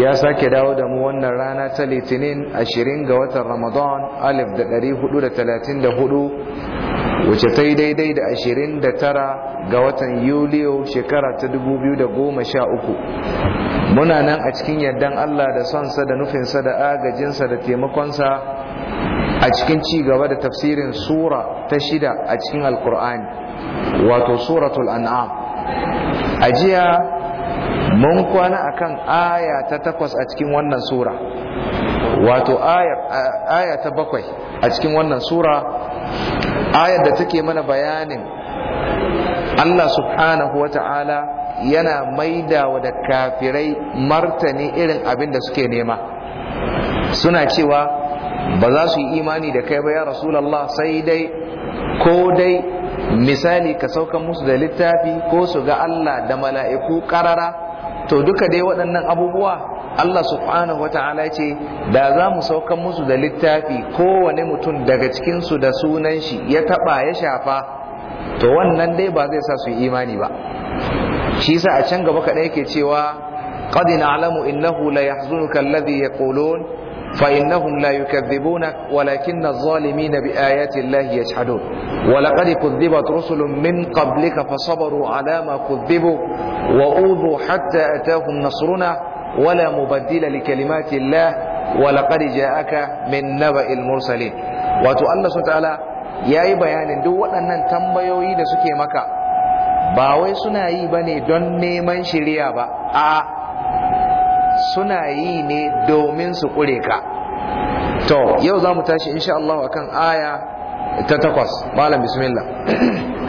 ya sake dawo da mu wannan rana ta litinin ashirin ga watan ramadan alif da ɗari hudu da talatin da hudu wace ta yi daidai da ashirin da tara ga watan yuliyo shekara ta dubu biyu da goma sha uku muna nan a cikin yardan allah da sonsa da nufinsa da agajinsa da taimakonsa a cikin ci gaba da tafsirin sura ta shida a cikin alkur'ani wato suratul an'am a jiya mun kwana akan aya ta takwas a cikin wannan sura wato aya ta bakwai a cikin wannan sura ayar da take mana bayanin Allah subhanahu wa ta'ala yana maidawa da kafirai martani irin abin da suke nema suna cewa ba za su yi imani da kai ba ya rasulallah sai dai ko dai misali ka saukan musu da littafi ko su ga Allah da mala'iku karara to duka dai waɗannan abubuwa Allah subhanahu wa ta'ala ce da za mu saukan musu da littafi kowane mutum daga cikinsu da sunan shi ya taɓa ya shafa to wannan dai ba zai sa su yi imani ba shi sa a can gaba kaɗai yake cewa qad na'lamu innahu la yahzunuka ya yaqulun فإنهم لا يكذبون ولكن الظالمين بآيات الله يجحدون ولقد كذبت رسل من قبلك فصبروا على ما كذبوا وأوذوا حتى أتاهم نصرنا ولا مبدل لكلمات الله ولقد جاءك من نبأ المرسلين وتؤلى تعالى يا بيان دو waɗannan tambayoyi da suke maka ba wai suna yi bane don neman shiriya ba a suna yi ne domin su kure ka to yau za mu tashi insha Allah akan aya ta takwas malam bismillah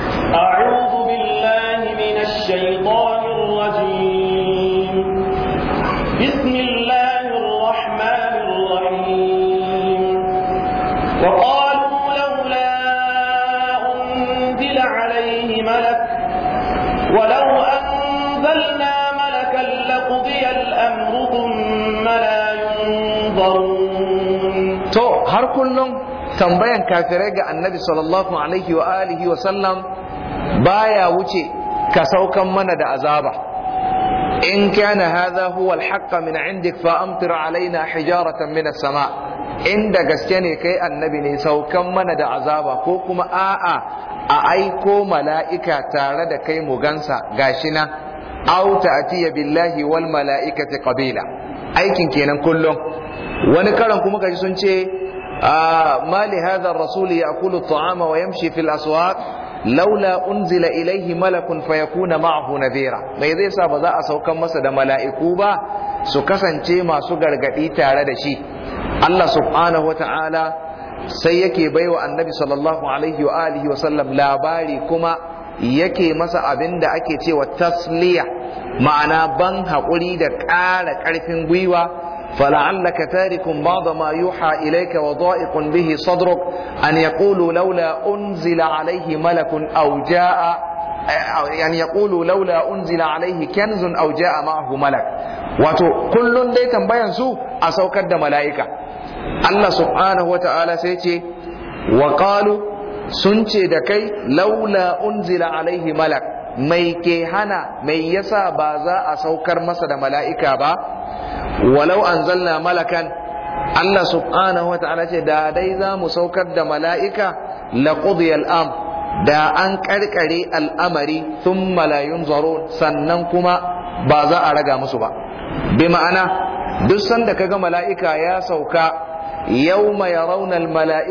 kullum tambayan kafirai ga annabi sallallahu alaihi wa alihi wa sallam baya wuce ka saukan mana da azaba in kana hadha huwa alhaqqa min indik fa amtir alaina hijaratan min as-sama inda gaske ne kai annabi ne saukan mana da azaba ko kuma a'a a aiko mala'ika tare da kai mu gansa gashi na aw ta'tiya billahi wal mala'ikati qabila aikin kenan kullum wani karan kuma kaji sun ce ما لهذا الرسول يأكل الطعام ويمشي في الأسواق laula unzila ilaihi malakun fayakuna na nadhira mai zai sa ba za a sauka masa da mala'iku ba su kasance masu gargadi tare da shi Allah subhanahu sai yake baiwa annabi sallallahu labari kuma yake masa abin da ake cewa tasliya ma'ana ban haƙuri da ƙara ƙarfin gwiwa فلعلك تارك بعض ما يوحى إليك وضائق به صدرك أن bihi لولا أنزل عليه ملك أو جاء يعني يقول لولا أنزل عليه كنز أو جاء معه ملك wato kullun dai tambayan su a saukar da mala'ika Allah subhanahu wa ta'ala sai ce wa sun ce da kai laula unzila alaihi malak mai ke hana mai yasa ba za a saukar masa da mala'ika ba walau anzalna malakan Allah subhanahu wa ta'ala ce da dai za mu saukar da mala'ika la am da an karkare al'amari sun malayun zaro sannan kuma ba za a raga musu ba bi ma'ana duk sanda kaga mala'ika ya sauka يوم yau ma لا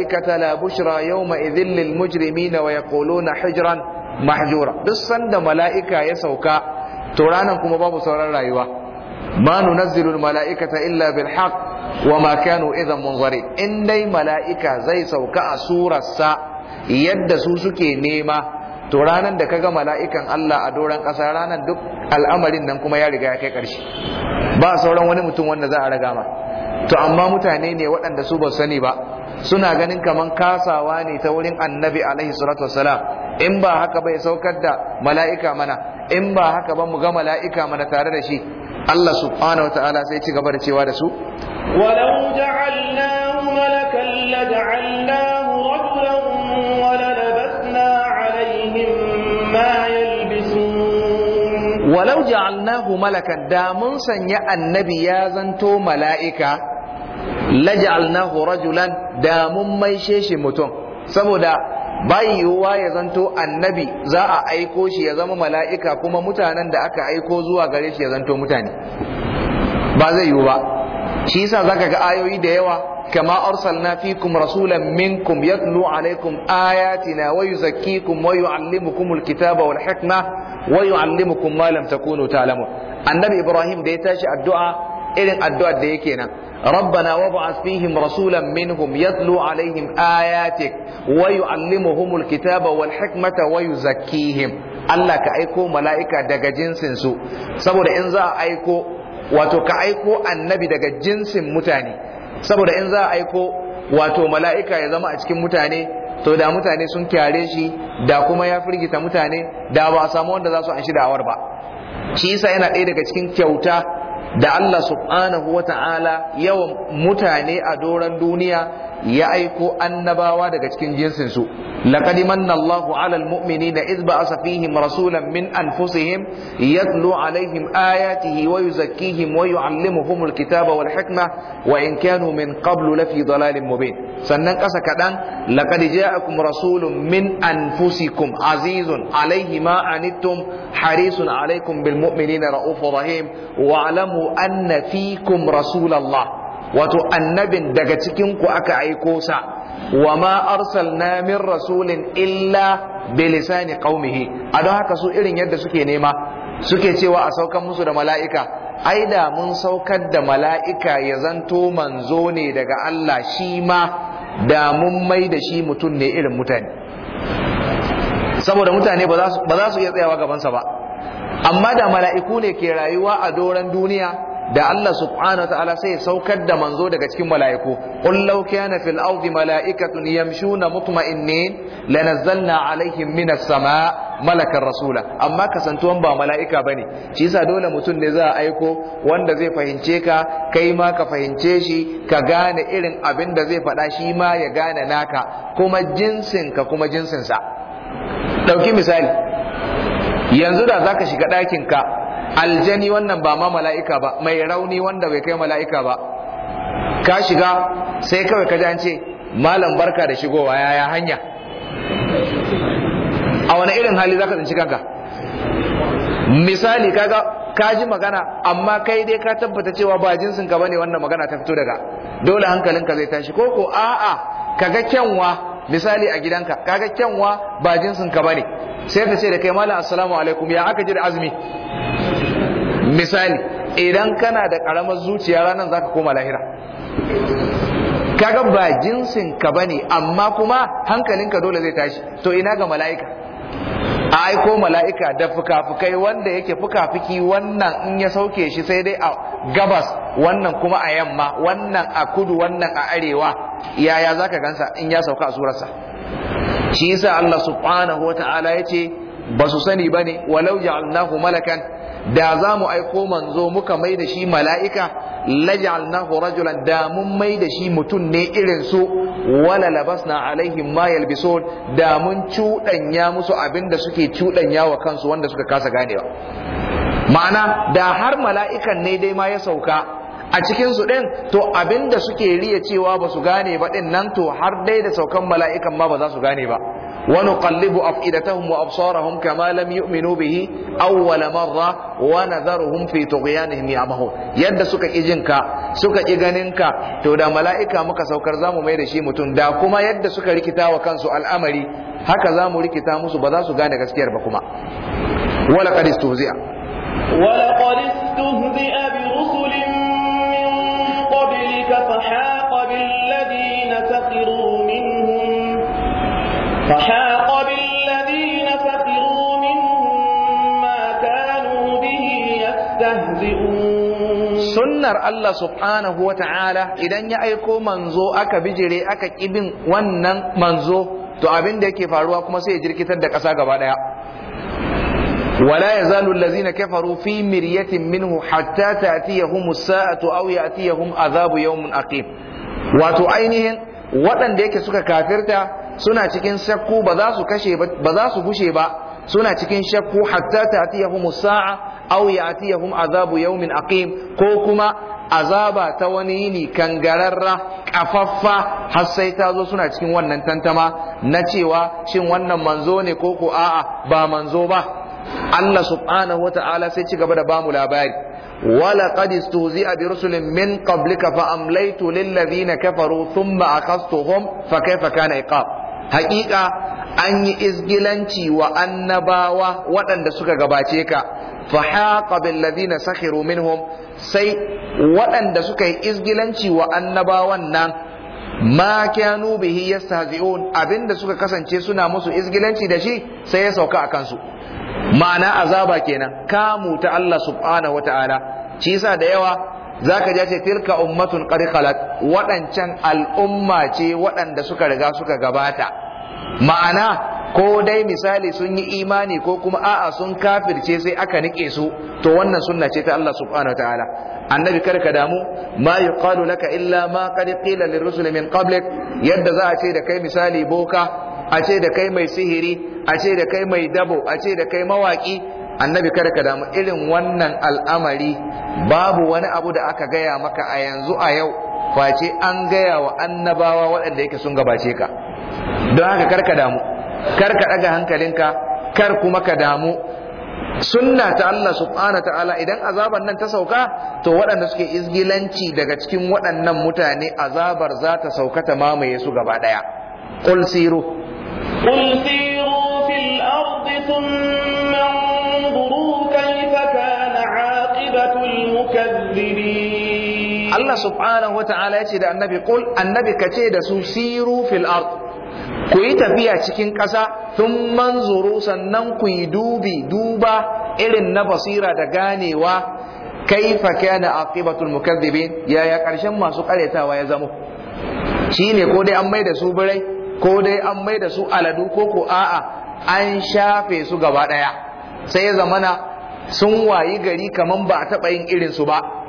بشرى na للمجرمين na hijiran mahjura. duk sanda mala'ika ya sauka to ranan kuma babu sauran rayuwa ma nunazzilu mala'ikata illa bil haqq wa ma kanu idan munzari in dai mala'ika zai sauka a surarsa yadda su suke nema to ranar da kaga mala'ikan Allah a doran ƙasa ranar duk al'amarin nan kuma ya riga ya kai ƙarshe ba sauran wani mutum wanda za a raga ma to amma mutane ne waɗanda su ba sani ba suna ganin kaman kasawa ne ta wurin annabi alaihi salatu wassalam in ba haka bai saukar da mala'ika mana in ba haka ba mu ga mala'ika mana tare da shi Allah subhanahu wataala sai ci gaba da cewa da su walau ja'alnahu malakan la ja'alnahu rajulan wa lalabasna alaihim ma yalbisun walau ja'alnahu malakan da mun sanya annabi ya zanto mala'ika la ja'alnahu rajulan da mun maishe shi mutum saboda bai yiwuwa ya zanto annabi za a aiko shi ya zama mala'ika kuma mutanen da aka aiko zuwa gare shi ya zanto mutane ba zai yiwu ba shi yasa zaka ga ayoyi da yawa kama arsalna fikum rasulan minkum yatlu alaikum ayatina wa yuzakkikum wa yuallimukum alkitaba wal hikma wa yuallimukum ma lam takunu ta'lamun annabi ibrahim da ya tashi addu'a irin addu'ar da yake nan ربنا وابعث فيهم رسولا منهم يتلو عليهم آياتك ويعلمهم الكتاب والحكمة ويزكيهم Allah ka aiko mala'ika daga jinsinsu saboda in za aiko wato ka aiko annabi daga jinsin mutane saboda in za'a aiko wato mala'ika ya zama a cikin mutane to da mutane sun kyare shi da kuma ya firgita mutane da ba a samu wanda za su an shi awar ba shi yana ɗaya daga cikin kyauta da Allah subhanahu wa ta'ala yawan mutane a doron duniya ya aiko annabawa daga cikin jinsin su laqad manna Allahu 'alal mu'minina idh ba'asa fihim rasulan min anfusihim yatlu 'alaihim ayatihi wa yuzakkihim wa yu'allimuhumul kitaba wal hikma wa in kanu min qablu lafi dhalalin mubin sannan kasa kadan laqad ja'akum rasulun min anfusikum 'azizun 'alayhi ma anittum harisun 'alaykum bil mu'minina ra'ufur rahim wa 'alamu anna fikum rasulallah wato annabin daga cikin ku aka aiko sa wa ma arsalna min rasulin illa bi lisani qaumihi a don haka su irin yadda suke nema suke cewa a saukan musu da mala'ika ai da mun saukar da mala'ika ya zanto manzo ne daga Allah shi ma da mun mai da shi mutum ne irin mutane saboda mutane ba za su iya tsayawa gabansa ba amma da mala'iku ne ke rayuwa a doron duniya da Allah subhanahu ta'ala sai saukar da manzo daga cikin mala'iku qul law kana fil ardi mala'ikatun yamshuna mutma'innin lanazzalna alaihim minas sama'a malakan rasula amma kasantuwan ba mala'ika bane shi yasa dole mutum ne za a aiko wanda zai fahimce ka kai ma ka fahimce shi ka gane irin abin da zai faɗa shi ma ya gane naka kuma jinsin ka kuma jinsin sa dauki misali yanzu da zaka shiga ɗakin ka aljani wannan ba ma mala'ika ba mai rauni wanda bai kai mala'ika ba ka shiga sai kawai ka an ce malam barka da shigowa yaya hanya a wani irin hali za ka tsinci kanka misali kaga ka ji magana amma kai dai ka tabbata cewa ba jinsin ka bane wannan magana ta fito daga dole ka zai tashi ko ko a'a kaga kyanwa misali a gidanka kaga kyanwa ba jinsin ka bane sai ka ce da kai malam assalamu alaikum ya aka ji da azumi misali idan kana da karamar zuciya ranar za ka koma lahira kaga ba jinsin ka ba ne, amma kuma hankalinka dole zai tashi to ina ga mala'ika a aiko mala'ika da fuka-fukai wanda yake fuka-fuki wannan in ya sauke shi sai dai a gabas wannan kuma a yamma wannan a kudu wannan a arewa yaya za ka gansa in ya sauka a surarsa shi yasa Allah subhanahu ya yace ba su sani bane walau ja'alnahu malakan da za mu aiko manzo muka mai da shi mala'ika laj'alnahu rajulan da mun mai da shi mutum ne irin su wala labasna alaihim ma yalbisun da mun cuɗanya musu abin da suke cuɗanya wa kansu wanda suka kasa ganewa ma'ana da har mala'ikan ne dai ma ya sauka a cikin su ɗin to abin da suke riya cewa ba su gane ba ɗin nan to har dai da saukan mala'ikan ma ba za su gane ba ونقلب أفئدتهم وأبصارهم كما لم يؤمنوا به أول مرة ونذرهم في طغيانهم يعمهون يد سكا إجنكا سكا إغننكا تودا ملائكة مكا سوكر زامو ميدا شي متون دا كما يد سكا ركتا وكانسو الأمري هكا زامو ركتا موسو بذاسو غانا غسكير بكما ولقد استهزئ ولقد استهزئ برسل من قبلك فحال وحاق بالذين سخروا منهم كانوا به يستهزئون sunnar Allah subhanahu wa ta'ala idan ya aiko manzo aka bijire aka kibin wannan manzo to abin da yake faruwa kuma sai ya jirkitar da ƙasa gaba ɗaya wala yazalu allazina kafaru fi miryatin minhu hatta ta'tiyahum as-sa'atu aw ya'tiyahum adhabu yawmin aqim wato ainihin waɗanda yake suka kafirta suna cikin shakku ba za su kashe ba za su gushe ba suna cikin shakku hatta ta'tiyahum sa'a aw ya'tiyahum azabu yawmin aqim ko kuma azaba ta wani yini kangararra kafaffa har sai ta zo suna cikin wannan tantama na cewa shin wannan manzo ne ko ko a'a ba manzo ba Allah subhanahu wata'ala sai ci gaba da bamu labari wala qad istuzi'a bi rusulin min qablika fa amlaytu lil ladina kafaru thumma haƙiƙa an yi izgilanci wa annabawa waɗanda suka gabace ka fa haqa bil ladina sakhiru minhum sai waɗanda suka yi izgilanci wa annabawan nan ma kanu bihi yastahzi'un abinda suka kasance suna musu izgilanci da shi sai ya sauka a kansu ma'ana azaba kenan kamu ta Allah subhanahu wata'ala cisa da yawa zaka ja ce tilka ummatun qad khalat al'umma ce waɗanda suka riga suka gabata ma'ana ko dai misali sun yi imani ko kuma a'a sun kafirce sai aka nike su to wannan sunna ce ta Allah subhanahu wataala annabi kar ka damu ma yuqalu laka illa ma qad qila lirrusul min qablik yadda za a ce da kai misali boka a ce da kai mai sihiri a ce da kai mai dabo a ce da kai mawaki annabi kar ka damu irin wannan al'amari babu wani abu da aka gaya maka a yanzu a yau face an gaya wa annabawa waɗanda yake sun gabace ka don haka karka damu karka ɗaga hankalinka kar kuma ka damu sunna ta Allah subhanahu ta'ala idan azaban nan ta sauka to waɗanda suke izgilanci daga cikin waɗannan mutane azabar za ta sauka ta mamaye su gaba ɗaya qul siru qul siru fil ardi thumma kayfa kana aqibatu al mukaththibin Allah subhanahu wata'ala ya ce da annabi qul annabi ce da su siru fil ard ku yi tafiya cikin ƙasa tun manzuru sannan ku yi dubi duba irin na basira da ganewa kaifa kana aqibatul mukaththibin yaya karshen masu ƙaryatawa ya zamo shine ko dai an mai da su birai ko dai an mai da su aladu ko ko a'a an shafe su gaba ɗaya sai ya zamana sun wayi gari kaman ba a taɓa yin irinsu ba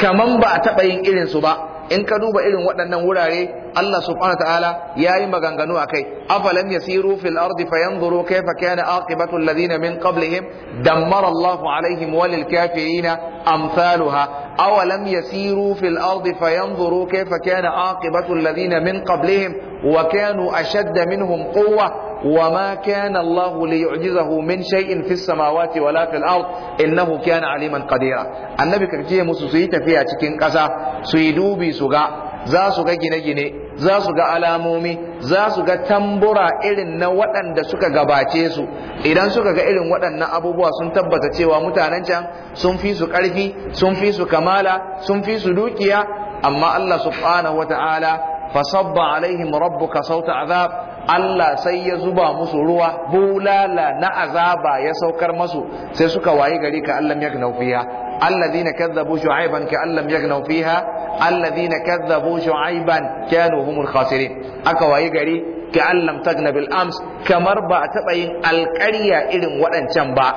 kaman ba a taɓa yin irinsu ba in ka duba irin waɗannan wurare Allah subhanahu ya yayi maganganu a kai, afalam yasiru fil ardi fayanzuru kayfa kana aqibatu alladhina min qablihim dammara Allahu alaihim walil kafirin amsaluha awalam yasiru fil ardi fayanzuru kayfa kana aqibatu alladhina min qablihim wa kanu ashadda minhum quwwa وما كان الله ليعجزه من شيء في السماوات ولا في الأرض إنه كان عليما قديرا النبي كرجيه مسوسي تفيا cikin ƙasa su yi dubi suga za su ga gine-gine za su ga alamomi za su ga tambura irin na waɗanda suka gabace su idan suka ga irin waɗannan abubuwa sun tabbata cewa mutanen can sun fi su ƙarfi sun fi su kamala sun fi su dukiya amma Allah subhanahu wa ta'ala fasabba alaihim rabbuka sauta azab Allah sai ya zuba musu ruwa bulala na azaba ya saukar masu sai suka wayi gari ka Allah ya fiha alladhina kadzabu shu'aiban ka Allah ya fiha alladhina kadzabu shu'aiban kanu humul khasirin aka wayi gari ka'allam tagna bil ams kamar ba a taɓa yin alƙarya irin waɗancan ba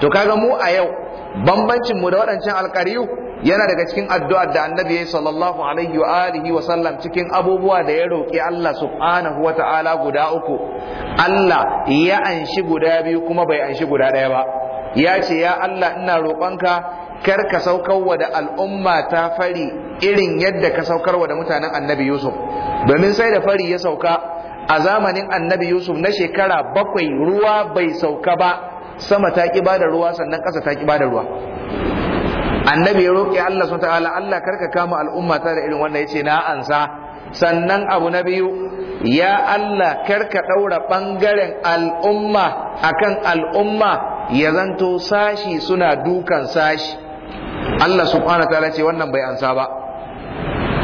to kaga mu a yau bambancin mu da waɗancan alƙaryu? yana daga cikin addu'ar da annabi ya sallallahu alaihi wa alihi wa sallam cikin abubuwa da ya roƙi Allah subhanahu wa ta'ala guda uku Allah ya anshi guda biyu kuma bai anshi guda ɗaya ba ya ce ya Allah ina roƙonka kar ka wa da al'umma ta fari irin yadda ka saukar wa da mutanen annabi Yusuf domin sai da fari ya sauka a zamanin annabi yusuf na shekara bakwai ruwa bai sauka ba sama ta ƙi bada ruwa sannan ƙasa ta ƙi bada ruwa annabi ya roƙe Allah sun ta'ala Allah karka kama al'umma ta da irin wannan ce na ansa sannan abu na biyu ya Allah karka ɗaura ɓangaren al'umma akan al'umma ya zanto sashi suna dukan sashi Allah subhanahu ta'ala ce wannan bai ansa ba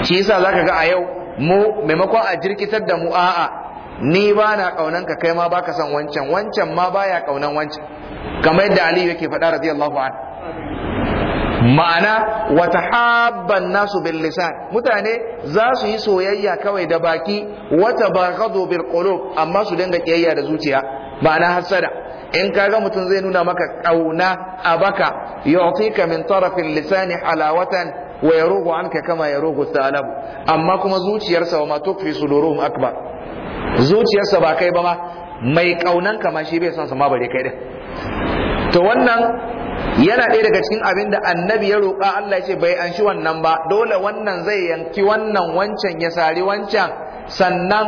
shi yasa zaka ga a yau mu maimakon a jirkitar da mu a'a ni ba na kaunan ka kai ma baka san wancan wancan ma baya kaunan wancan kamar yadda Ali yake faɗa radiyallahu an ma'ana wa tahabban nasu bil lisan mutane za su yi soyayya kawai da baki wa tabaghadu bil qulub amma su dinga kiyayya da zuciya ma'ana hasada in kaga mutum zai nuna maka kauna a baka yu'tika min tarafin lisani halawatan wa yarugu anka kama yarugu salabu amma kuma zuciyarsa wa ma tukfi suduruhum akbar zuciyarsa ba kai ba ma mai kaunan kama shi bai son sa ma bare kai din to wannan yana ɗaya daga cikin abin da annabi ya roƙa Allah ya ce bai an shi wannan ba dole wannan zai yanki wannan wancan ya sari wancan sannan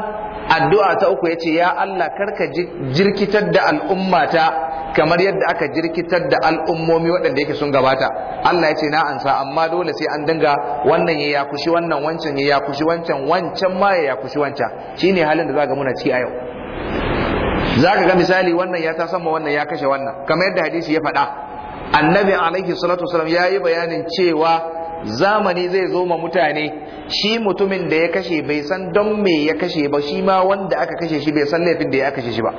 addu'a ta uku ya ce ya Allah karka jirkitar da al'ummata kamar yadda aka jirkitar da al'ummomi waɗanda yake sun gabata Allah ya ce na ansa amma dole sai an dinga wannan ya kushi wannan wancan ya kushi wancan wancan ma ya kushi wancan shine halin da za ga muna ciki a yau za ka ga misali wannan ya ta sama wannan ya kashe wannan kamar yadda hadisi ya faɗa annabi alaihi salatu wasalam ya yi bayanin cewa zamani zai zo ma mutane shi mutumin da ya kashe bai san don me ya kashe ba shi ma wanda aka kashe shi bai san laifin da ya kashe shi ba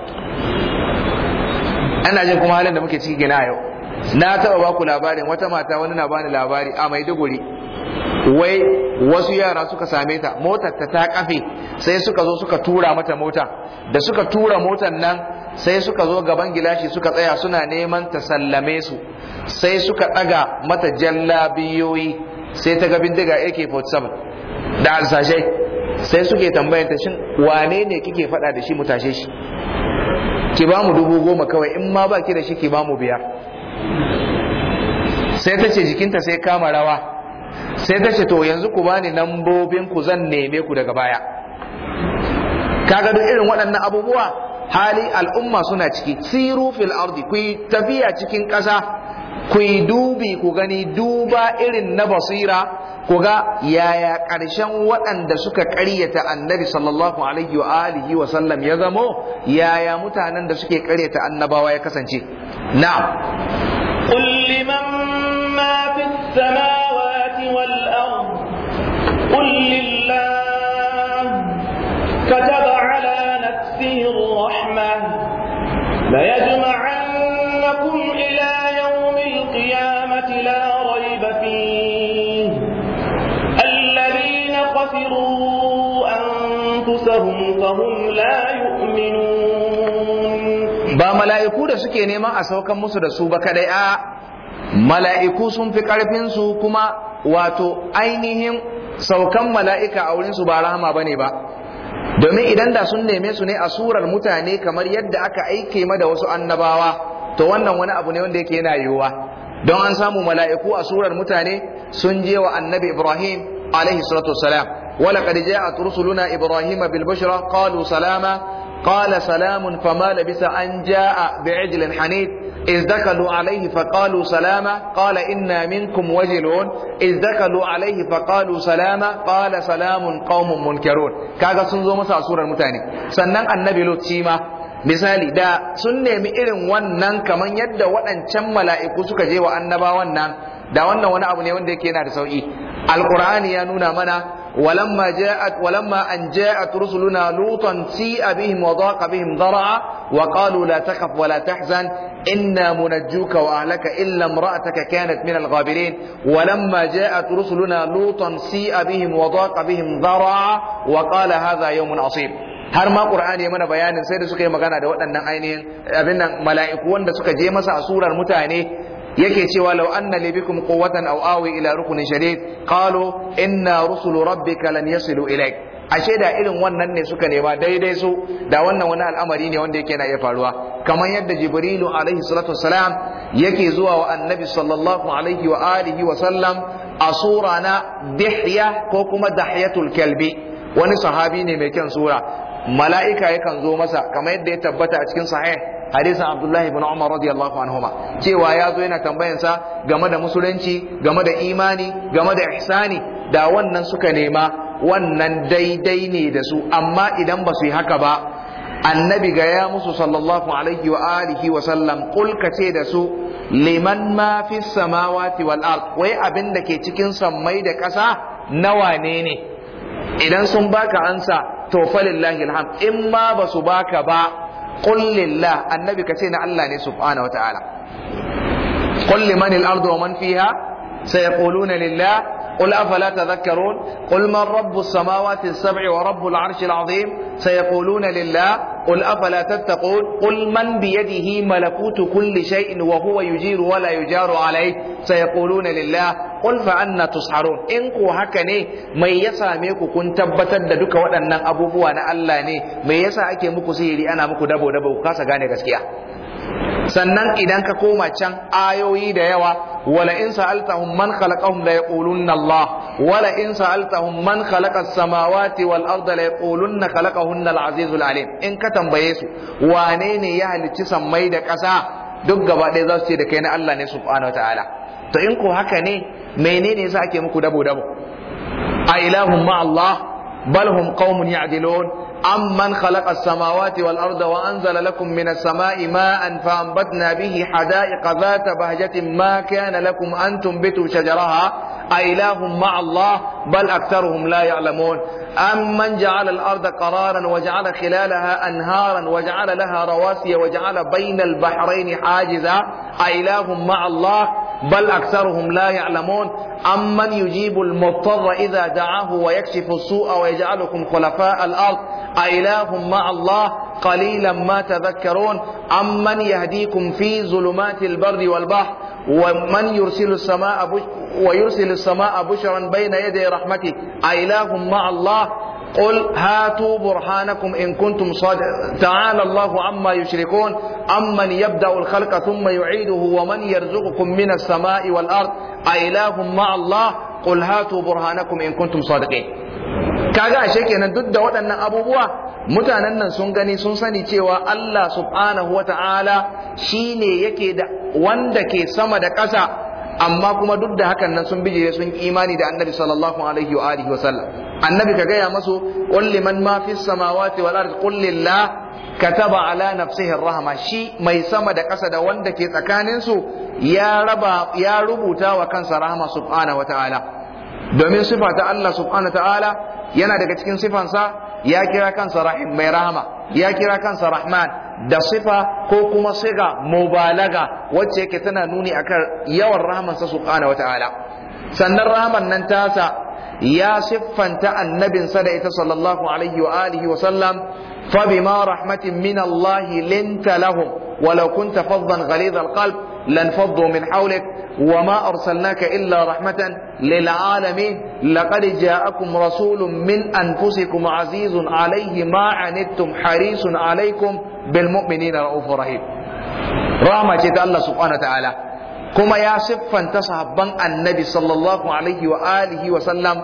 ana jin kuma halin da muke ciki gina yau na taɓa baku labarin wata mata wani na bani labari a maiduguri wai wasu yara suka same ta motar ta ta kafe sai suka zo suka tura mata mota da suka tura motar nan sai suka zo gaban gilashi suka tsaya suna neman ta sallame su sai suka ɗaga mata jallabiyoyi sai ta ga bindiga AK47 da alsashe sai suke tambayanta shin wane ne kike faɗa da shi mu tashe shi ki ba mu dubu goma kawai in ma ba ki da shi ki ba mu biyar sai ta ce jikinta sai kama rawa sai ta ce to yanzu ku bani nambobin ku zan neme ku daga baya kaga duk irin waɗannan abubuwa hali al'umma suna ciki siru fil ardi ku tafiya cikin ƙasa ku dubi ku gani duba irin na basira ku ga yaya ƙarshen waɗanda suka ƙaryata annabi sallallahu alaihi wa alihi wa sallam ya zamo yaya mutanen da suke ƙaryata annabawa ya kasance na'am qul liman ma fis samawati wal ard qul lillah kataba ala nafsihi ar-rahmah la da suke nema a saukan musu da su ba kadai a mala'iku sun fi ƙarfinsu kuma wato ainihin saukan mala'ika a wurinsu ba rahama ba ne ba domin idan da sun neme su ne a surar mutane kamar yadda aka aike ma da wasu annabawa to wannan wani abu ne wanda yake yana yiwuwa don an samu mala'iku a surar mutane sun je wa annabi ibrahim alaihi salatu wasalam ولقد جاءت رسلنا ابراهيم بالبشرى قالوا سلاما قال سلام فما لبث أن جاء بعجل حنيف إذ دخلوا عليه فقالوا سلاما قال إنا منكم وجلون إذ دخلوا عليه فقالوا سلاما قال سلام قوم منكرون كذا سنزو مسا سورة المتاني سنن النبي لوتشيما misali da sun nemi irin wannan kaman yadda waɗancan mala'iku suka je wa annabawan nan da wannan wani abu ne wanda yake yana da sauki alqur'ani ya nuna mana walamma ja'at walamma an ja'at rusuluna lutan si abihim wa daqa bihim dara'a wa qalu la takhaf wa la tahzan inna munajjuka wa ahlaka illa imra'ataka kanat min al-ghabirin walamma ja'at rusuluna lutan si abihim wa daqa bihim dara'a wa qala hadha yawmun asib har ma qur'ani ya mana bayanin sai da suka yi magana da waɗannan ainihin abin nan mala'iku wanda suka je masa a surar mutane yake cewa law anna li bikum quwwatan aw awi ila rukunin sharif qalu inna rusulu rabbika lan yasilu ilai. ashe da irin wannan ne suka nema daidai su da wannan wani al'amari ne wanda yake na iya faruwa kamar yadda jibrilu alaihi salatu wassalam yake zuwa wa annabi sallallahu alaihi wa alihi wa sallam a sura na dihya ko kuma Dahyatul kalbi wani sahabi ne mai kyan sura mala'ika yakan zo masa kamar yadda ya tabbata a cikin sahih hadisin Abdullahi ibn Umar radiyallahu anhuma cewa ya zo yana tambayansa game da musulunci game da imani game da ihsani da wannan suka nema wannan daidai ne da su amma idan ba su yi haka ba annabi ga ya musu sallallahu alaihi wa alihi wa sallam kul ce da su liman ma fi samawati wal ard wai abin da ke cikin sammai da ƙasa nawa ne ne idan sun baka ansa to falillahi alhamd in ma ba su baka ba qul lillah annabi ka ce na Allah ne subhana wa ta'ala qul liman al-ardu wa man fiha sayaquluna lillah قل أفلا تذكرون قل من رب السماوات السبع ورب العرش العظيم سيقولون لله قل أفلا تتقون قل من بيده ملكوت كل شيء وهو يجير ولا يجار عليه سيقولون لله قل فأنا تسحرون إن كو هكني ما يسا ميكو كن تبتد دوك ودنن أبوه وانا ألا ني ما يسا أكي مكو سيري أنا مكو دبو دبو كاسا غاني كسكيا sannan idan ka koma can ayoyi da yawa wala in sa'altahum man khalaqahum la yaqulunna Allah wala in sa'altahum man khalaqa as-samawati wal arda la yaqulunna khalaqahunna al-azizul alim in ka tambaye su wane ne ya halicci sammai da ƙasa duk gaba ɗaya za su ce da kai na Allah ne subhanahu ta'ala. to in ko haka ne menene yasa ake muku dabo dabo a ilahum ma Allah bal hum qaumun ya'dilun أمن خلق السماوات والأرض وأنزل لكم من السماء ماء فأنبتنا به حدائق ذات بهجة ما كان لكم أن تنبتوا شجرها أإله مع الله بل أكثرهم لا يعلمون أمن جعل الأرض قرارا وجعل خلالها أنهارا وجعل لها رواسي وجعل بين البحرين حاجزا أإله مع الله بل أكثرهم لا يعلمون أمن يجيب المضطر إذا دعاه ويكشف السوء ويجعلكم خلفاء الأرض أإله مع الله قليلا ما تذكرون أمن يهديكم في ظلمات البر والبحر ومن يرسل السماء ويرسل السماء بشرا بين يدي رحمته أإله مع الله قل هاتوا برهانكم إن كنتم صادقين تعالى الله عما يشركون أمن يبدأ الخلق ثم يعيده ومن يرزقكم من السماء والأرض أإله مع الله قل هاتوا برهانكم إن كنتم صادقين kaga ashe kenan duk da waɗannan abubuwa mutanen nan sun gani sun sani cewa Allah subhanahu wa ta'ala shine yake da wanda ke sama da ƙasa amma kuma duk da hakan nan sun bijire sun imani da annabi sallallahu alaihi wa alihi wa sallam annabi ka gaya masu ƙulli man ma fis samawati wal ardi qul lillah kataba ala nafsihi rahma shi mai sama da ƙasa da wanda ke tsakanin su ya raba ya rubuta wa kansa rahma subhanahu wa ta'ala domin sifa ta Allah subhanahu wa ta'ala yana daga cikin sifansa ya kira kansa rahim mai rahma. ya kira kansa rahman da sifa ko kuma siga mubalaga wacce yake tana nuni akan yawan rahman sa subhanahu wataala sannan rahman nan ta sa ya siffanta annabin sa da ita sallallahu alaihi wa alihi wa sallam fa bima rahmatin min Allah linta lahum walau kunta faddan ghalid alqalb lan faddu min hawlik wa ma arsalnaka illa rahmatan lil alamin laqad ja'akum rasulun min anfusikum azizun alayhi ma anittum harisun alaykum bil mu'minina ra'ufur rahim ce ta Allah subhanahu ta'ala kuma ya siffanta sahabban annabi sallallahu alaihi wa alihi wa sallam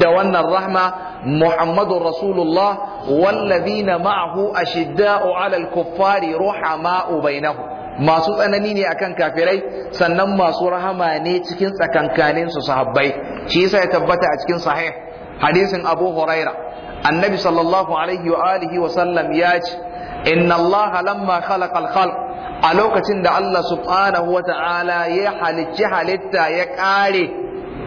da wannan rahma muhammadun rasulullah wallazina ma'ahu ashidda'u 'alal kuffari ruhama'u bainahum masu tsanani ne akan kafirai sannan masu rahama ne cikin tsakankanin su sahabbai shi yasa ya tabbata a cikin sahih hadisin Abu Huraira annabi sallallahu alaihi wa alihi wa sallam ya ce inna allaha lamma khalaqa khalq a lokacin da Allah subhanahu wa ta'ala ya halicci halitta ya kare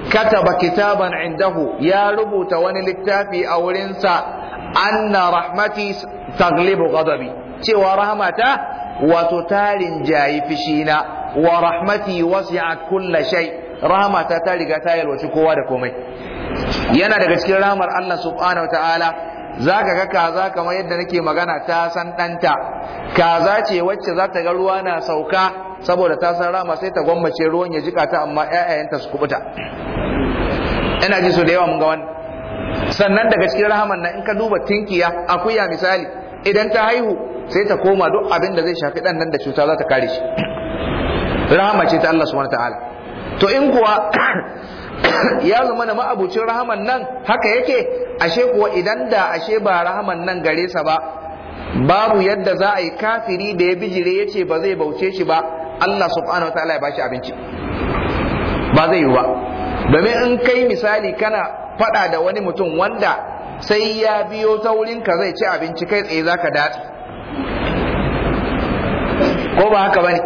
kataba kitaban indahu ya rubuta wani littafi a wurinsa anna rahmati taglibu ghadabi cewa rahmata wato tarin jayi fishina wa rahmati wasi'at kulla shay rahmata ta riga ta yalwaci kowa da komai yana daga cikin rahmar Allah subhanahu wa ta'ala za ka ga kaza kamar yadda nake magana ta san ɗanta kaza ce wacce za ta ga ruwa na sauka saboda ta san rama sai ta gwammace ruwan ya jika ta amma ƴaƴayenta su kubuta ina ji su da yawa mun ga wannan sannan daga cikin rahaman nan in ka duba tinkiya akuya misali idan ta haihu sai ta koma duk abin da zai shafi ɗan nan da cuta za ta kare shi rahama ce ta Allah subhanahu ta'ala to in kuwa ya zama na ma'abucin rahaman nan haka yake ashe kuwa idan da ashe ba rahaman nan gare sa ba babu yadda za a yi kafiri da ya bijire ya ce ba zai bauce shi ba Allah subhanahu wa ta'ala ya bashi abinci ba zai yi ba domin in kai misali kana faɗa da wani mutum wanda sai ya biyo ta ka zai ci abinci kai tsaye za ka ko ba haka bane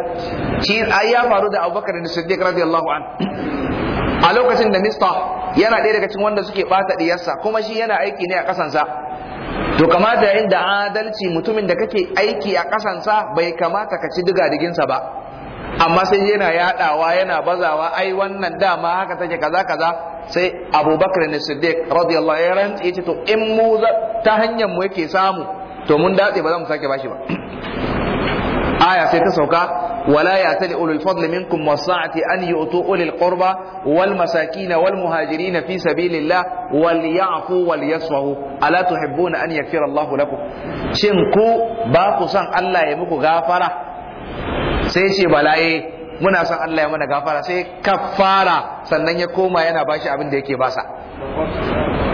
shi ai ya faru da Abubakar da Siddiq radiyallahu an a lokacin da mista yana ɗaya daga cikin wanda suke ɓata ɗiyarsa kuma shi yana aiki ne a kasansa, to kamata yayin da adalci mutumin da kake aiki a kasansa bai kamata ka ci diginsa ba amma sai yana yaɗawa, yana bazawa ai wannan dama haka take kaza kaza sai abubakar ne siddiq radiyallahu ya rantsi ce to in mu ta hanyar mu yake samu to mun datse ba za mu sake bashi ba aya sai ta sauka ولا يأتل أولو الفضل منكم والسعة أن يؤتوا أولي القربى والمساكين والمهاجرين في سبيل الله وليعفوا وليصفحوا ألا تحبون أن يغفر الله لكم شنكو باكو سان الله يمكو غافرة سيشي بلاي muna son Allah ya mana gafara sai kafara sannan ya koma yana bashi abin da yake basa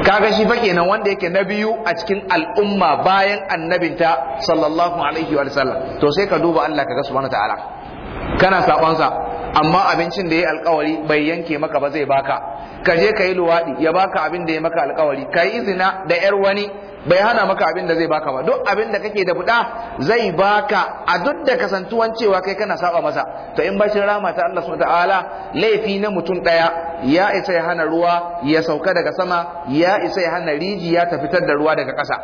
kaga shi fa kenan wanda yake na biyu a cikin al'umma bayan annabinta sallallahu alaihi wa sallam to sai ka duba Allah kaga subhanahu ta'ala kana sabansa amma abincin da ya yi alkawari bai yanke maka ba zai baka ka je ka luwaɗi ya baka abin da ya maka alkawari ka yi izina da yar wani bai hana maka abin da zai baka ba duk abin da kake da buɗa zai baka a duk da kasantuwan cewa kai kana saba masa to in bashin rama ta Allah subhanahu ta'ala laifi na mutum ɗaya ya isa ya hana ruwa ya sauka daga sama ya isa ya hana rijiya ta fitar da ruwa daga ƙasa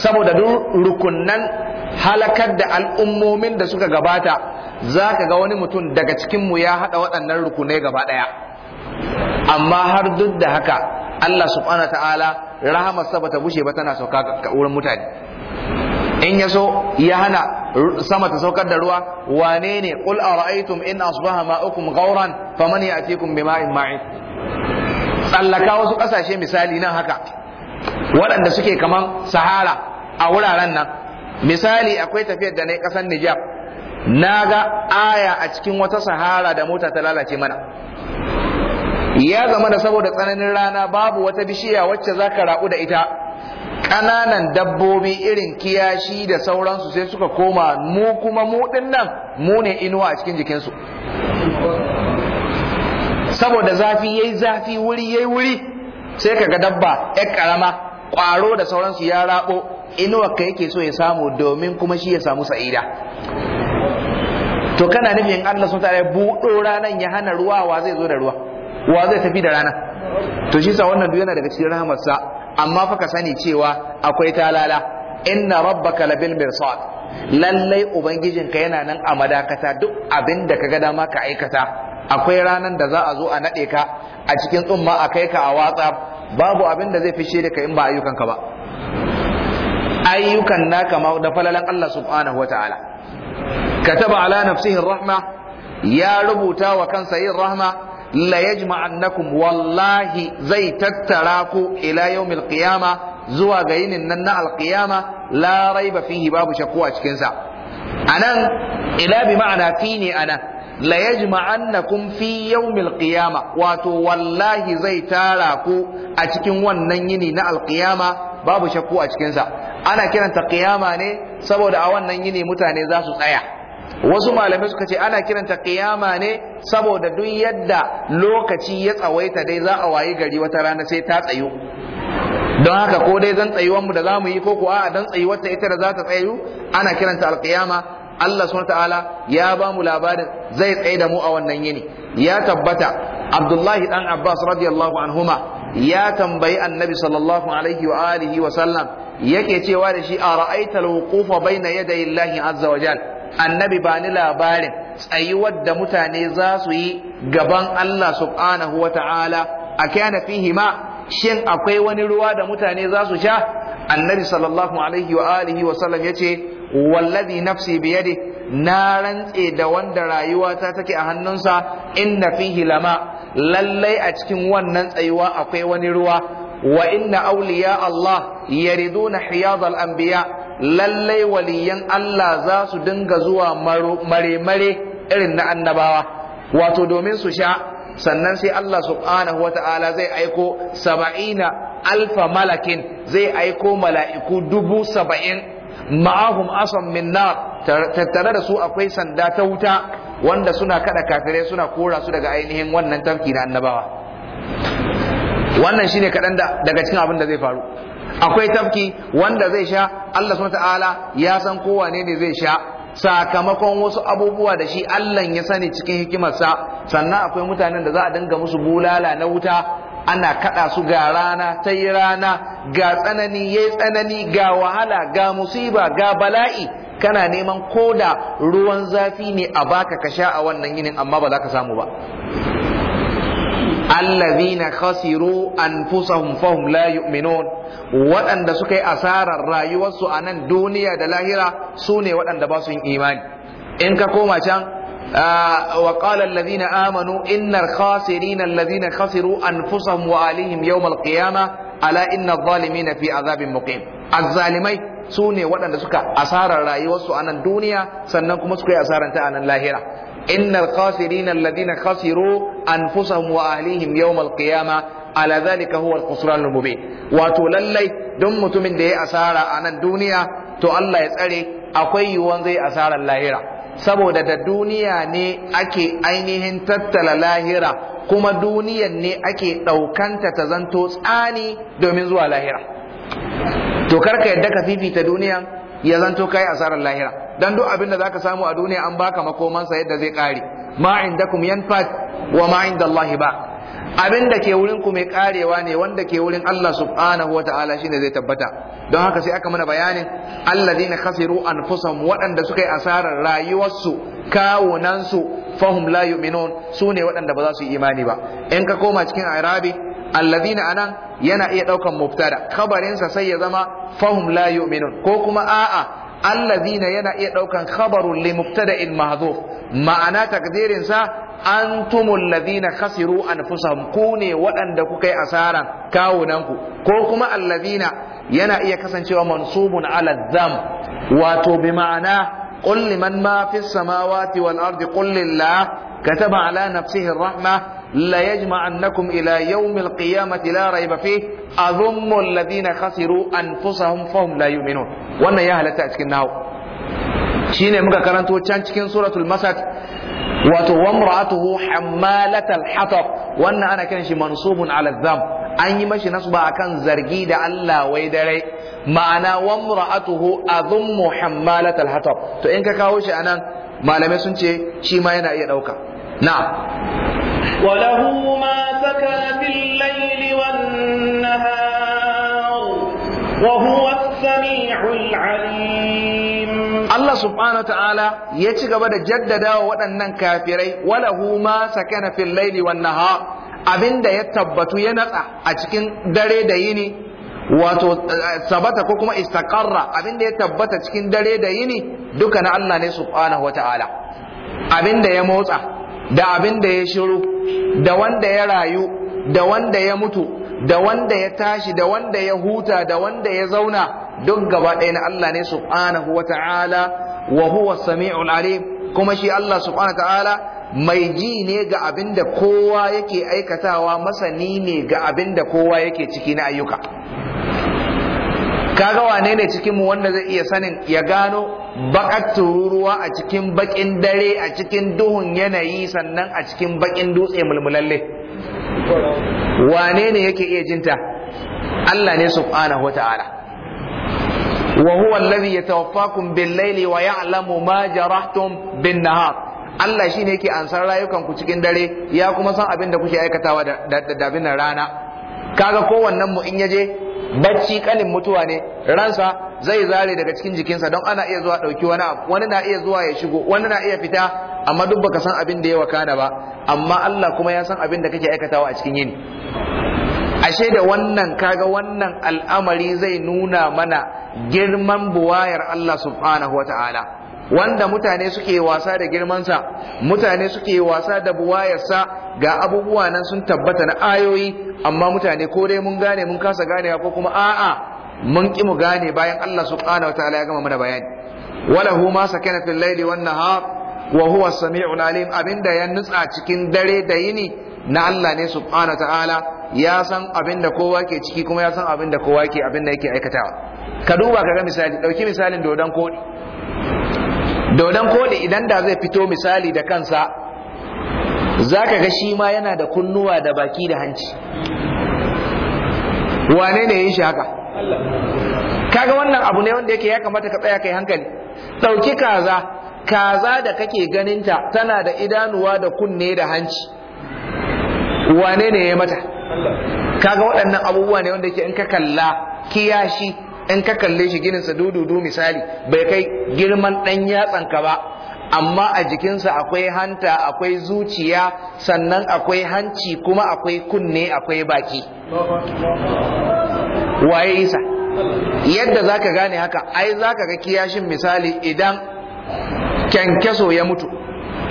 saboda duk rukunnan halakar da al'ummomin da suka gabata za ka ga wani mutum daga cikinmu ya haɗa waɗannan rukunai gaba ɗaya amma har duk da haka Allah subhanahu ta'ala rahamarsa ta bushe ba tana sauka ga wurin mutane in ya so ya hana sama ta saukar da ruwa wane ne qul ara'aytum in asbaha ma'ukum ghauran faman ya'tikum bima'in ma'in tsallaka wasu kasashe misali nan haka waɗanda suke kaman sahara a wuraren nan misali akwai tafiyar da na ƙasar Nijar na ga aya a cikin wata sahara da mota ta lalace mana ya zama da saboda tsananin rana babu wata bishiya wacce za ka raɓu da ita ƙananan dabbobi irin kiyashi da sauransu sai suka koma mu kuma mu nan mu ne inuwa a cikin jikinsu saboda zafi yayi zafi wuri yayi wuri sai kaga dabba ƴar ƙarama ƙwaro da sauransu ya raɓo ka yake so ya samu domin kuma shi ya samu sa'ida to kana nufin Allah sun tare buɗo ranan ya hana ruwa wa zai zo da ruwa wa zai tafi da rana to shi sa wannan duk yana daga cikin rahamarsa amma fa ka sani cewa akwai talala inna rabbaka labil mirsad lallai ka yana nan a madakata duk abin da kaga dama ka aikata akwai ranan da za a zo a nade ka a cikin tsumma a kai ka a watsa babu abin da zai fishe da ka in ba ayyukanka ba ayyukan naka ma da falalan Allah subhanahu wataala taɓa ala nafsihin rahma ya rubuta wa kansa yin rahma la yajma'annakum wallahi zai tattara ku ila yawmil qiyama zuwa ga yinin nan na alqiyama la raiba fihi babu shakku a cikin sa anan ila bi ma'ana fi ne anan la yajma'annakum fi yawmil qiyama wato wallahi zai tara ku a cikin wannan yini na alqiyama babu shakku a cikin sa ana kiranta qiyama ne saboda a wannan yini mutane za su tsaya wasu malamai suka ce ana kiranta qiyama ne saboda duk yadda lokaci ya tsawaita dai za a wayi gari wata rana sai ta tsayu don haka ko dai zan tsayuwan mu da zamu yi ko ko a dan tsayuwar ta ita da za ta tsayu ana kiranta alkiyama Allah subhanahu ta'ala ya ba mu labarin zai tsaye da mu a wannan yini ya tabbata Abdullahi dan Abbas radiyallahu anhuma ya tambayi Annabi sallallahu alaihi wa alihi wa sallam yake cewa da shi a ra'aital wuqufa baina yadayi Allah azza wa jal annabi ba ni labarin tsayuwar da mutane za su yi gaban Allah subhanahu wa ta'ala a kana fihi ma shin akwai wani ruwa da mutane za su sha annabi sallallahu alaihi wa alihi wa sallam yace wallazi nafsi biyadi na rantse da wanda rayuwata take a hannunsa inna fihi lama lallai a cikin wannan tsayuwa akwai wani ruwa wa inna awliya Allah yariduna na al-anbiya lallai waliyan Allah za su dinga zuwa mare-mare irin na annabawa wato domin su sha sannan sai Allah subhanahu wata'ala zai aiko saba'ina alfa malakin zai aiko mala'iku dubu saba'in ma'ahum asam min nar tattare da su akwai sanda ta wuta wanda suna kada kafirai suna kora su daga ainihin wannan tafki na annabawa wannan shine kadan da daga cikin abin da zai faru akwai tafki wanda zai sha Allah subhanahu ta'ala ya san kowane ne ne zai sha sakamakon wasu abubuwa da shi Allah ya sani cikin hikimarsa sannan akwai mutanen da za a dinga musu bulala na wuta ana kaɗa su ga rana ta yi rana ga tsanani yayi tsanani ga wahala ga musiba ga bala'i kana neman koda ruwan zafi ne a baka ka sha a wannan yinin amma ba za ka samu ba allazina khasiru anfusahum fahum la yu'minun waɗanda suka yi asarar rayuwarsu a nan duniya da lahira sune ne waɗanda ba su yin imani in ka koma can وقال الذين آمنوا إن الخاسرين الذين خسروا أنفسهم وآلهم يوم القيامة ألا إن الظالمين في عذاب مقيم الظالمين سوني ودن سكا أسار رأي وسو أن الدنيا سننكم سكا أسار أنت أن اللاهرة إن الخاسرين الذين خسروا أنفسهم وأهليهم يوم القيامة على ذلك هو الخسران المبين وتولي دم متمن ده أسار أن الدنيا تو الله يسألي أقوي وانزي أسار اللاهرة saboda da duniya ne ake ainihin tattala lahira kuma duniyan ne ake ɗaukanta ta zanto tsani domin zuwa lahira to karka yadda ka fifita duniya ya zanto kai asarar lahira dan duk abin da zaka samu a duniya an baka makomansa yadda zai ƙare. ma indakum yanfat wa ma indallahi ba abin da ke wurin ku mai karewa ne wanda ke wurin Allah subhanahu wa ta'ala shine zai tabbata don haka sai aka mana bayanin alladhina khasiru anfusahum waɗanda suka yi asarar rayuwarsu kawunansu fahum la yu'minun sune waɗanda ba za su yi imani ba in ka koma cikin arabi alladhina anan yana iya ɗaukan mubtada kabarinsa sai ya zama fahum la yu'minun ko kuma a'a allazina yana iya daukan khabarun li mubtada'in mahdhuf ma'ana takdirin sa antumul ladina khasiru anfusahum ku ne waɗanda kuka yi asaran kawunan ku ko kuma allazina yana iya kasancewa mansubun ala dham wato bi ma'ana قل لمن ما في السماوات والأرض قل لله كتب على نفسه الرحمة ليجمعنكم إلى يوم القيامة لا ريب فيه أذم الذين خسروا أنفسهم فهم لا يؤمنون وأن يهلك أتكناه shine muka karanto can cikin suratul wato wa mra'atuhu hammalatal hatab wannan ana kiran shi mansubun ala dham an yi mashi nasba akan zargi da Allah wai dare ma'ana wa mra'atuhu adhummu hammalatal hatab to in ka kawo shi anan malamai sun ce shi ma yana iya dauka na'am wa lahu ma وله layli wan nahar wa huwa as-sami'ul 'alim Allah subhanahu ta'ala ya ci gaba da jaddada wa waɗannan kafirai wala ma sakana fil laili wan nahar abinda ya tabbatu ya natsa a cikin dare da yini wato eh, sabata ko kuma istaqarra abinda ya tabbata cikin dare da yini duka na Allah ne subhanahu wataala abinda ya motsa da abinda ya shiru da wanda ya rayu da wanda ya mutu da wanda ya tashi da wanda ya huta da wanda ya zauna duk gaba ɗaya na Allah ne subhanahu wa ta'ala wa huwa sami'ul alim kuma shi Allah subhanahu wa ta'ala mai ji ne ga abinda kowa yake aikatawa masani ne ga abinda kowa yake ciki na ayyuka kaga wane ne cikin mu wanda zai iya sanin ya gano bakar tururuwa a cikin bakin dare a cikin duhun yanayi sannan a cikin bakin dutse mulmulalle wane ne yake iya jinta Allah ne subhanahu ta'ala. wa huwa alladhi yatawaffakum bil-laili wa ya'lamu ma jarahtum bin-nahar Allah shine yake ansar rayukan ku cikin dare ya kuma san abin da kuke aikatawa da dabin rana kaga kowannen mu in yaje bacci kanin mutuwa ne ransa zai zare daga cikin jikinsa don ana iya zuwa ɗauki wani wani na iya zuwa ya shigo wani na iya fita amma duk baka san abin da ya wakana ba amma Allah kuma ya san abin da kake aikatawa a cikin yini ashe da wannan kaga wannan al'amari zai nuna mana girman buwayar Allah subhanahu wa ta'ala wanda mutane suke wasa da girmansa mutane suke wasa da buwayarsa ga abubuwa nan sun tabbata na ayoyi amma mutane ko dai mun gane mun kasa gane ko kuma a'a mun ki mu gane bayan Allah subhanahu wa ta'ala ya gama mana bayani walahu ma sakana fil laili wan nahar wa huwa samiu samiul alim abinda ya nutsa cikin dare da yini na Allah ne subhanahu ta'ala ya san abin da kowa ke ciki kuma ya san abin da kowa ke abin da yake aikatawa ka duba ka ga misali dauki misalin dodon kodi dodon kodi idan da zai fito misali da kansa zaka ga shi ma yana da kunnuwa da baki da hanci wane ne yin shi haka kaga wannan abu ne wanda yake ya kamata ka tsaya kai hankali dauki kaza kaza da kake ganinta tana da idanuwa da kunne da hanci wane ne ya mata kaga waɗannan abubuwa ne wanda yake in ka kalla kiyashi in ka kalle shi ginin sa dududu misali bai kai girman ɗan yatsan ka ba amma a jikinsa akwai hanta akwai zuciya sannan akwai hanci kuma akwai kunne akwai baki waye isa yadda zaka gane haka ai zaka ga kiyashin misali idan kyankyaso ya mutu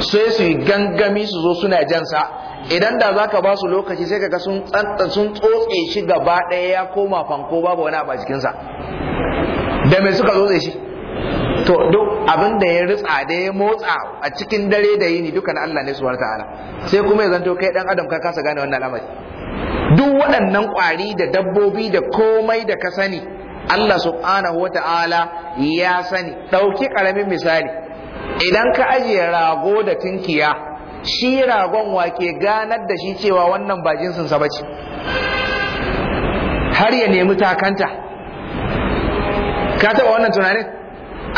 sai su yi gangami su zo suna jansa idan da za ka ba su lokaci sai kaga sun sun tsotse shi gaba ɗaya ya koma fanko babu wani abu a jikinsa da me suka tsotse shi to duk abin da ya ritsa da ya motsa a cikin dare da yini na Allah ne subhanahu ta'ala sai kuma ya zanto kai dan adam ka kasa gane wannan lamari duk waɗannan ƙwari da dabbobi da komai da ka sani Allah subhanahu wa ya sani ɗauki ƙaramin misali idan ka ajiye rago da tunkiya shi ragon wa ke ganar da shi cewa wannan ba jinsinsa ba har ya nemi takanta ka taɓa wannan tunanin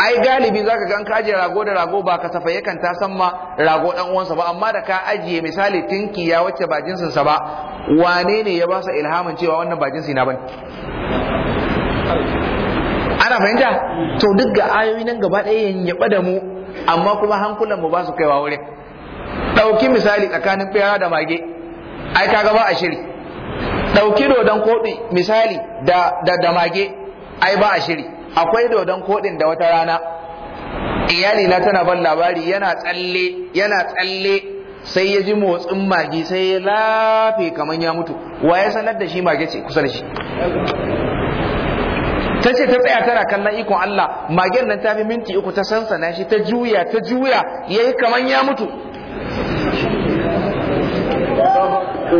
ai galibi za ka gan ka ajiye rago da rago ba ka yakan ta san ma rago dan uwansa ba amma da ka ajiye misali tunkiya wacce ba jinsinsa ba wane ne ya ba sa ilhamin cewa wannan ba jinsi na bane ana fahimta to duk ga ayoyi nan gaba ɗaya yanyaba da mu amma kuma hankulan mu ba su kaiwa wurin ɗauki misali tsakanin bera da mage ai ga ba a shiri ɗauki dodon koɗi misali da, da, da mage ai ba a shiri akwai dodon koɗin da wata rana iyali na tana ban labari yana tsalle yana tsalle sai ya ji motsin mage sai ya lafe kamar ya mutu wa ya sanar da shi mage ce kusa da shi ta ce ta tsaya tana kallon ikon Allah magen nan ta fi minti uku ta sansana shi ta juya ta juya yayi kaman ya mutu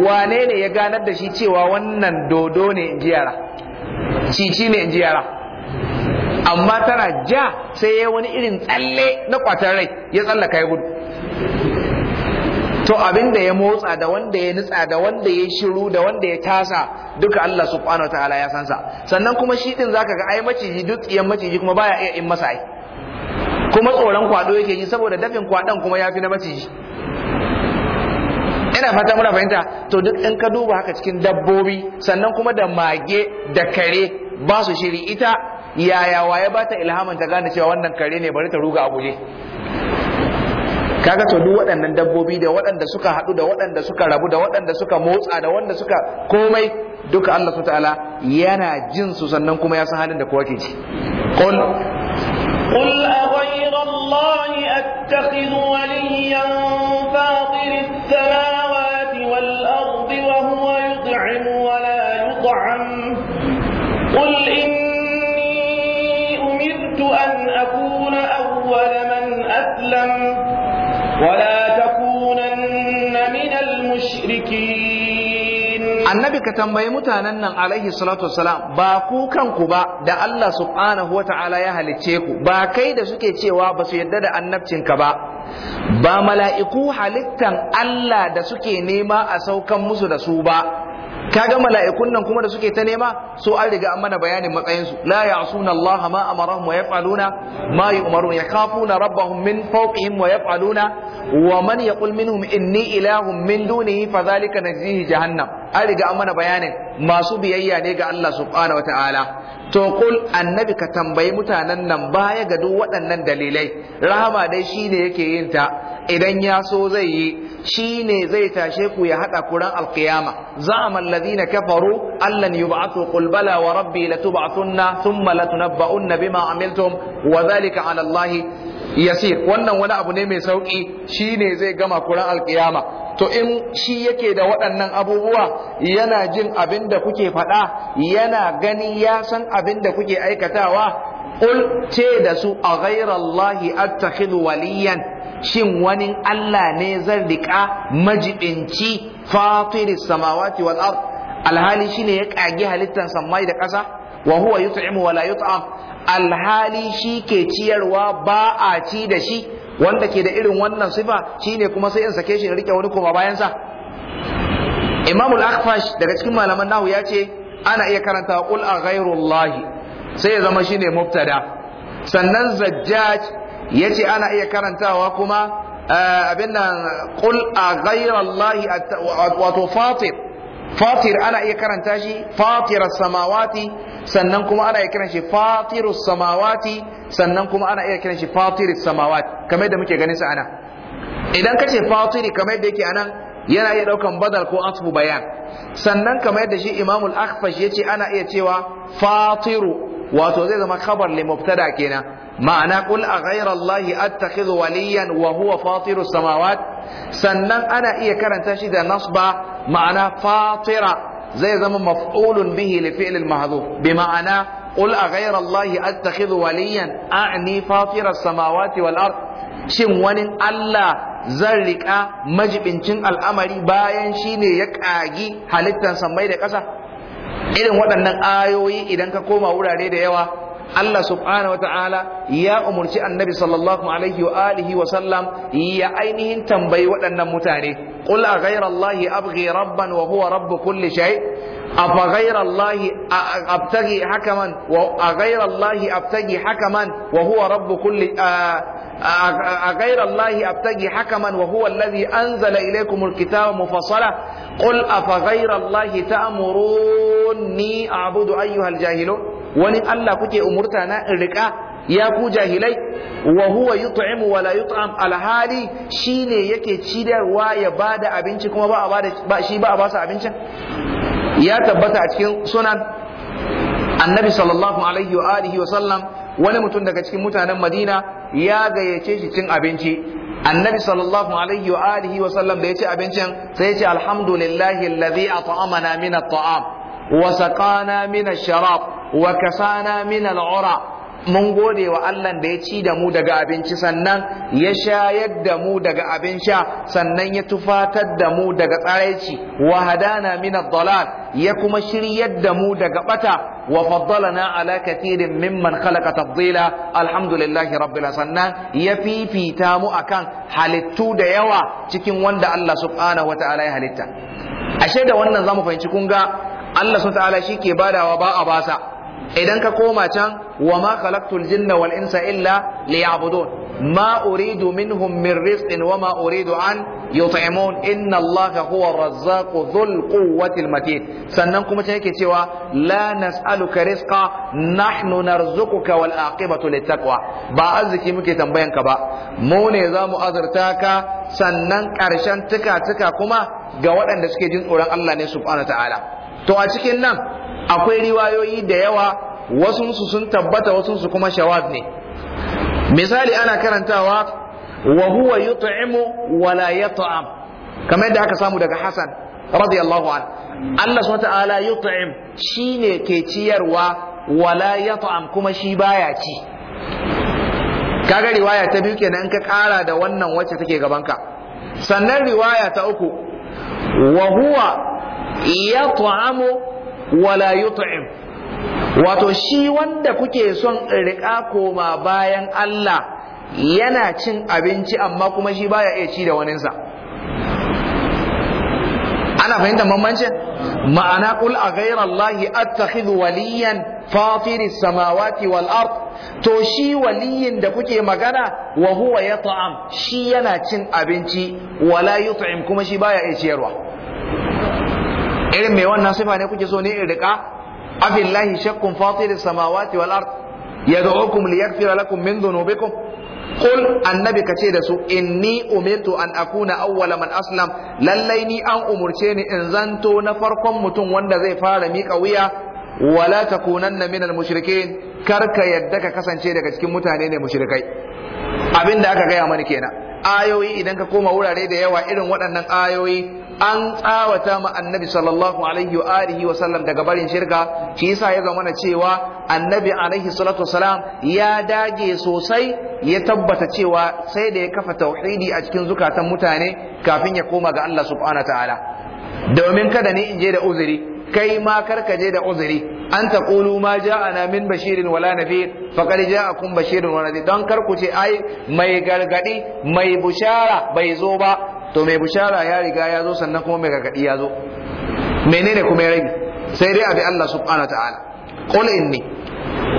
wane ne ya ganar da shi cewa wannan dodo ne in jiyara cici ne in jiyara amma tana ja sai ya wani irin tsalle na kwatar rai ya tsallaka ya gudu to abin da ya motsa da wanda ya nutsa da wanda ya shiru da wanda ya tasa duka Allah subhanahu wataala ya sansa sannan kuma shi din zaka ga ai maciji duk tsiyan maciji kuma baya iya in masa ai kuma tsoron kwado yake yi saboda dafin kwadon kuma ya fi na maciji ina fata muna fahimta to duk in ka duba haka cikin dabbobi sannan kuma da mage da kare ba su shiri ita yayawa ya ba ta ilhamin ta gane cewa wannan kare ne bari ta ruga a guje kaga to duk waɗannan dabbobi da waɗanda suka haɗu da waɗanda suka rabu da waɗanda suka motsa da wanda suka komai duka Allah subhanahu ta'ala yana jin su sannan kuma ya san halin da kowa ke ji. qul qul aghayra allahi attakhidhu waliyan fatir as-samawati wal ardi wa huwa yut'im wa la yut'am qul inni umirtu an akuna awwala man aslama ولا تكونن من المشركين annabi ka tambayi mutanen nan alaihi salatu wassalam ba ku kanku ba da Allah subhanahu ta'ala ya halicce ku ba kai da suke cewa ba su yarda da annabcinka ba ba mala'iku halittan Allah da suke nema a saukan musu da su ba kaga mala'ikun nan kuma da suke ta nema so an riga an mana bayanin matsayin su la yasunallaha ma amarahum wa yaf'aluna ma yu'marun yakhafuna rabbahum min fawqihim wa yaf'aluna wa man yaqul minhum inni ilahun min dunihi fadhalika najzihi jahannam an riga an mana bayanin masu biyayya ne ga Allah subhanahu wataala to kul annabi ka tambayi mutanen nan baya ga duk waɗannan dalilai rahama dai shine yake yin ta idan ya so zai yi shine zai tashe ku ya haɗa ku ran alqiyama za'ama alladhina kafaru allan yub'athu qul bala wa rabbi latub'athunna thumma latunabba'unna bima amiltum wa dhalika 'ala allahi yasir wannan wani abu ne mai sauƙi, shi ne zai gama kuran alkiyama to in shi yake da waɗannan abubuwa yana jin abin da kuke faɗa yana gani ya san abin da kuke aikatawa qul ce da su a ghairallahi attakhidhu waliyan shin wani Allah ne zan riƙa majibinci fatiris samawati wal ard alhali shine ya kage halittan samai da ƙasa wa huwa yut'imu wa la yut'am alhali shi ke ciyarwa ba a ci da shi wanda ke da irin wannan sifa shine kuma sai in sake shi in rike wani koma bayansa imamul akfash daga cikin malaman nahu ya ce ana iya karanta qul a ghairullahi sai ya zama shine mubtada sannan zajjaj ya ce ana iya karantawa kuma eh, abin nan qul a ghairallahi wato fatir fatir ana iya karanta shi fatir samawati sannan kuma ana iya kiran shi fatir samawati sannan kuma ana iya kiran shi fatir samawat kamar muke ganin sa ana idan kace fatiri kamar da yake anan yana iya daukan badal ko asfu bayan sannan kamar yadda shi imamul al-Akhfash yace ana iya cewa fatiru wato zai zama khabar li mubtada kenan ma'ana qul a ghayra allahi attakhidhu waliyan wa huwa fatirus samawat sannan ana iya karanta shi da nasba ma'ana fatira zai zama maf'ulun bihi li fi'l al-mahdhuf bi ma'ana a أغير الله أتخذ a'ni أعني samawati wal والأرض shin wani Allah zan riƙa majibincin al'amari bayan shi ne ya ƙagi halittar sammai da ƙasa? Irin waɗannan ayoyi idan ka koma wurare da yawa Allah subhanahu ya umurci annabi sallallahu alaihi wa alihi wa sallam ya ainihin tambayi waɗannan mutane qul a ghayra allahi abghi rabban wa huwa rabb kulli shay afa ghayra allahi abtaghi hakaman wa a ghayra allahi abtaghi hakaman wa huwa rabb kulli a gaira Allah a tagi haka man wa huwa alladhi anzala ilaykum alkitab mufassala qul afa gaira Allah ta'murunni a'budu ayyuha wani Allah kuke umurta na in rika ya ku jahilai wa yut'imu wa yut'am alhali shine yake cidarwa ya bada abinci kuma ba a ba shi abinci ya tabbata a cikin sunan annabi sallallahu alaihi wa sallam wani mutum daga cikin mutanen madina ya gayyace shi cin abinci annabi sallallahu alaihi wa alihi wa sallam da ya ci abincin sai ya ce alhamdulillahi alladhi at'amana min at-ta'am wa saqana min ash-sharab wa kasana min al-ura mun gode wa Allah da ya ci da mu daga abinci sannan ya shayar da mu daga abin sha sannan ya tufatar da mu daga tsaraici wa hadana min ad-dalal ya kuma shiryar da mu daga bata wa faddalana ala kathirin mimman khalaqa tafdila alhamdulillahi rabbil sannan ya fifita mu akan halittu da yawa cikin wanda Allah subhanahu wataala ya halitta ashe da wannan zamu fahimci kun ga Allah subhanahu wataala shi ke badawa ba a basa idan ka koma can wa ma khalaqtul jinna wal insa illa liya'budun ma uridu minhum min rizqin wa ma uridu an yut'imun inna allaha huwa ar-razzaqu dhul quwwati matin sannan kuma can yake cewa la nas'aluka rizqa nahnu narzuquka wal aqibatu littaqwa ba arziki muke tambayan ka ba mu ne zamu azurta ka sannan karshen tuka tuka kuma ga waɗanda suke jin tsoron Allah ne subhanahu ta'ala to a cikin nan akwai riwayoyi da yawa wasu su sun tabbata wasu su kuma shawaz ne misali ana karantawa wa huwa yut'imu wa la yat'am kamar yadda aka samu daga Hassan radiyallahu an Allah subhanahu ta'ala yut'im shine ke ciyarwa wa la yat'am kuma shi baya ci kaga riwaya ta biyu kenan ka kara da wannan wacce take gabanka sannan riwaya ta uku wa huwa yat'amu wala yut'im wato shi wanda kuke son riƙa koma bayan Allah yana cin abinci amma kuma shi baya iya ci da waninsa ana fahimtar bambancin ma'ana qul a ghayra allahi attakhidhu waliyan fatiri samawati wal ard to shi waliyin da kuke magana wa huwa yat'am shi yana cin abinci wala yut'im kuma shi baya iya ciyarwa irin mai wannan sifa ne kuke so ne in riƙa abillahi shakkun fatir samawati wal ard yad'ukum liyaghfira lakum min dhunubikum Kul annabi kace da su inni umirtu an akuna awwala man aslam lallai ni an umurce ni in zanto na farkon mutum wanda zai fara mika wuya wala takunanna minal mushrikin karka yadda ka kasance daga cikin mutane ne mushrikai abinda aka gaya mani kenan ayoyi idan ka koma wurare da yawa irin waɗannan ayoyi an tsawata ma annabi sallallahu alaihi wa alihi wa sallam daga barin shirka shi yasa ya zama na cewa annabi alaihi salatu wasalam ya dage sosai ya tabbata cewa sai da ya kafa tauhidi a cikin zukatan mutane kafin ya koma ga Allah subhanahu ta'ala domin kada ne in je da uzuri kai ma karka je da uzuri an ta qulu ma ja'ana min bashirin wala nadhir faqad ja'akum bashirin wala nadhir don kar ku ce ai mai gargadi mai bushara bai zo ba to mai bushara ya riga ya zo sannan kuma mai gargadi ya zo menene kuma ya rage sai dai abi Allah subhanahu ta'ala qul inni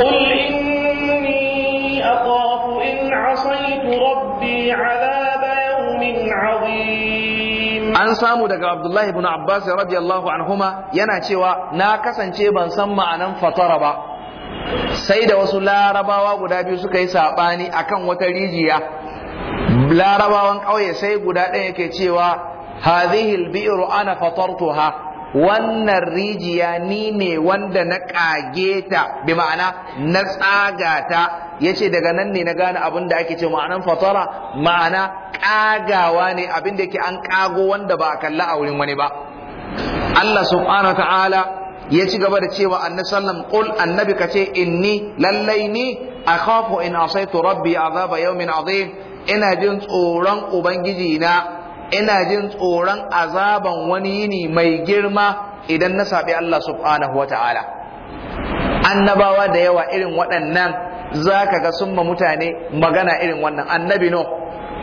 qul inni akhafu in asaytu rabbi adhab yawmin azim an samu daga Abdullahi ibn Abbas radiyallahu anhuma yana cewa na kasance ban san ma'anan fatara ba sai da wasu larabawa guda biyu suka yi sabani akan wata rijiya larabawan ƙauye sai guda ɗaya yake cewa hadhihi albi'ru ana fatartuha wannan rijiya ni ne wanda na ƙage ta bi ma'ana na tsaga ta yace daga nan ne na gane abin da ake ce ma'anan fatara ma'ana ƙagawa ne abin da yake an kago wanda ba a kalla a wurin wani ba Allah subhanahu wa ta'ala ya ci gaba da cewa annabi sallam qul annabi kace inni lallai ni akhafu in asaitu rabbi azaba yawmin azim ina jin tsoron ubangiji na ina jin tsoron azaban wani yini mai girma idan na saɓi Allah subhanahu wa ta'ala annabawa da yawa irin waɗannan za ka ga sun ma mutane magana irin wannan annabi no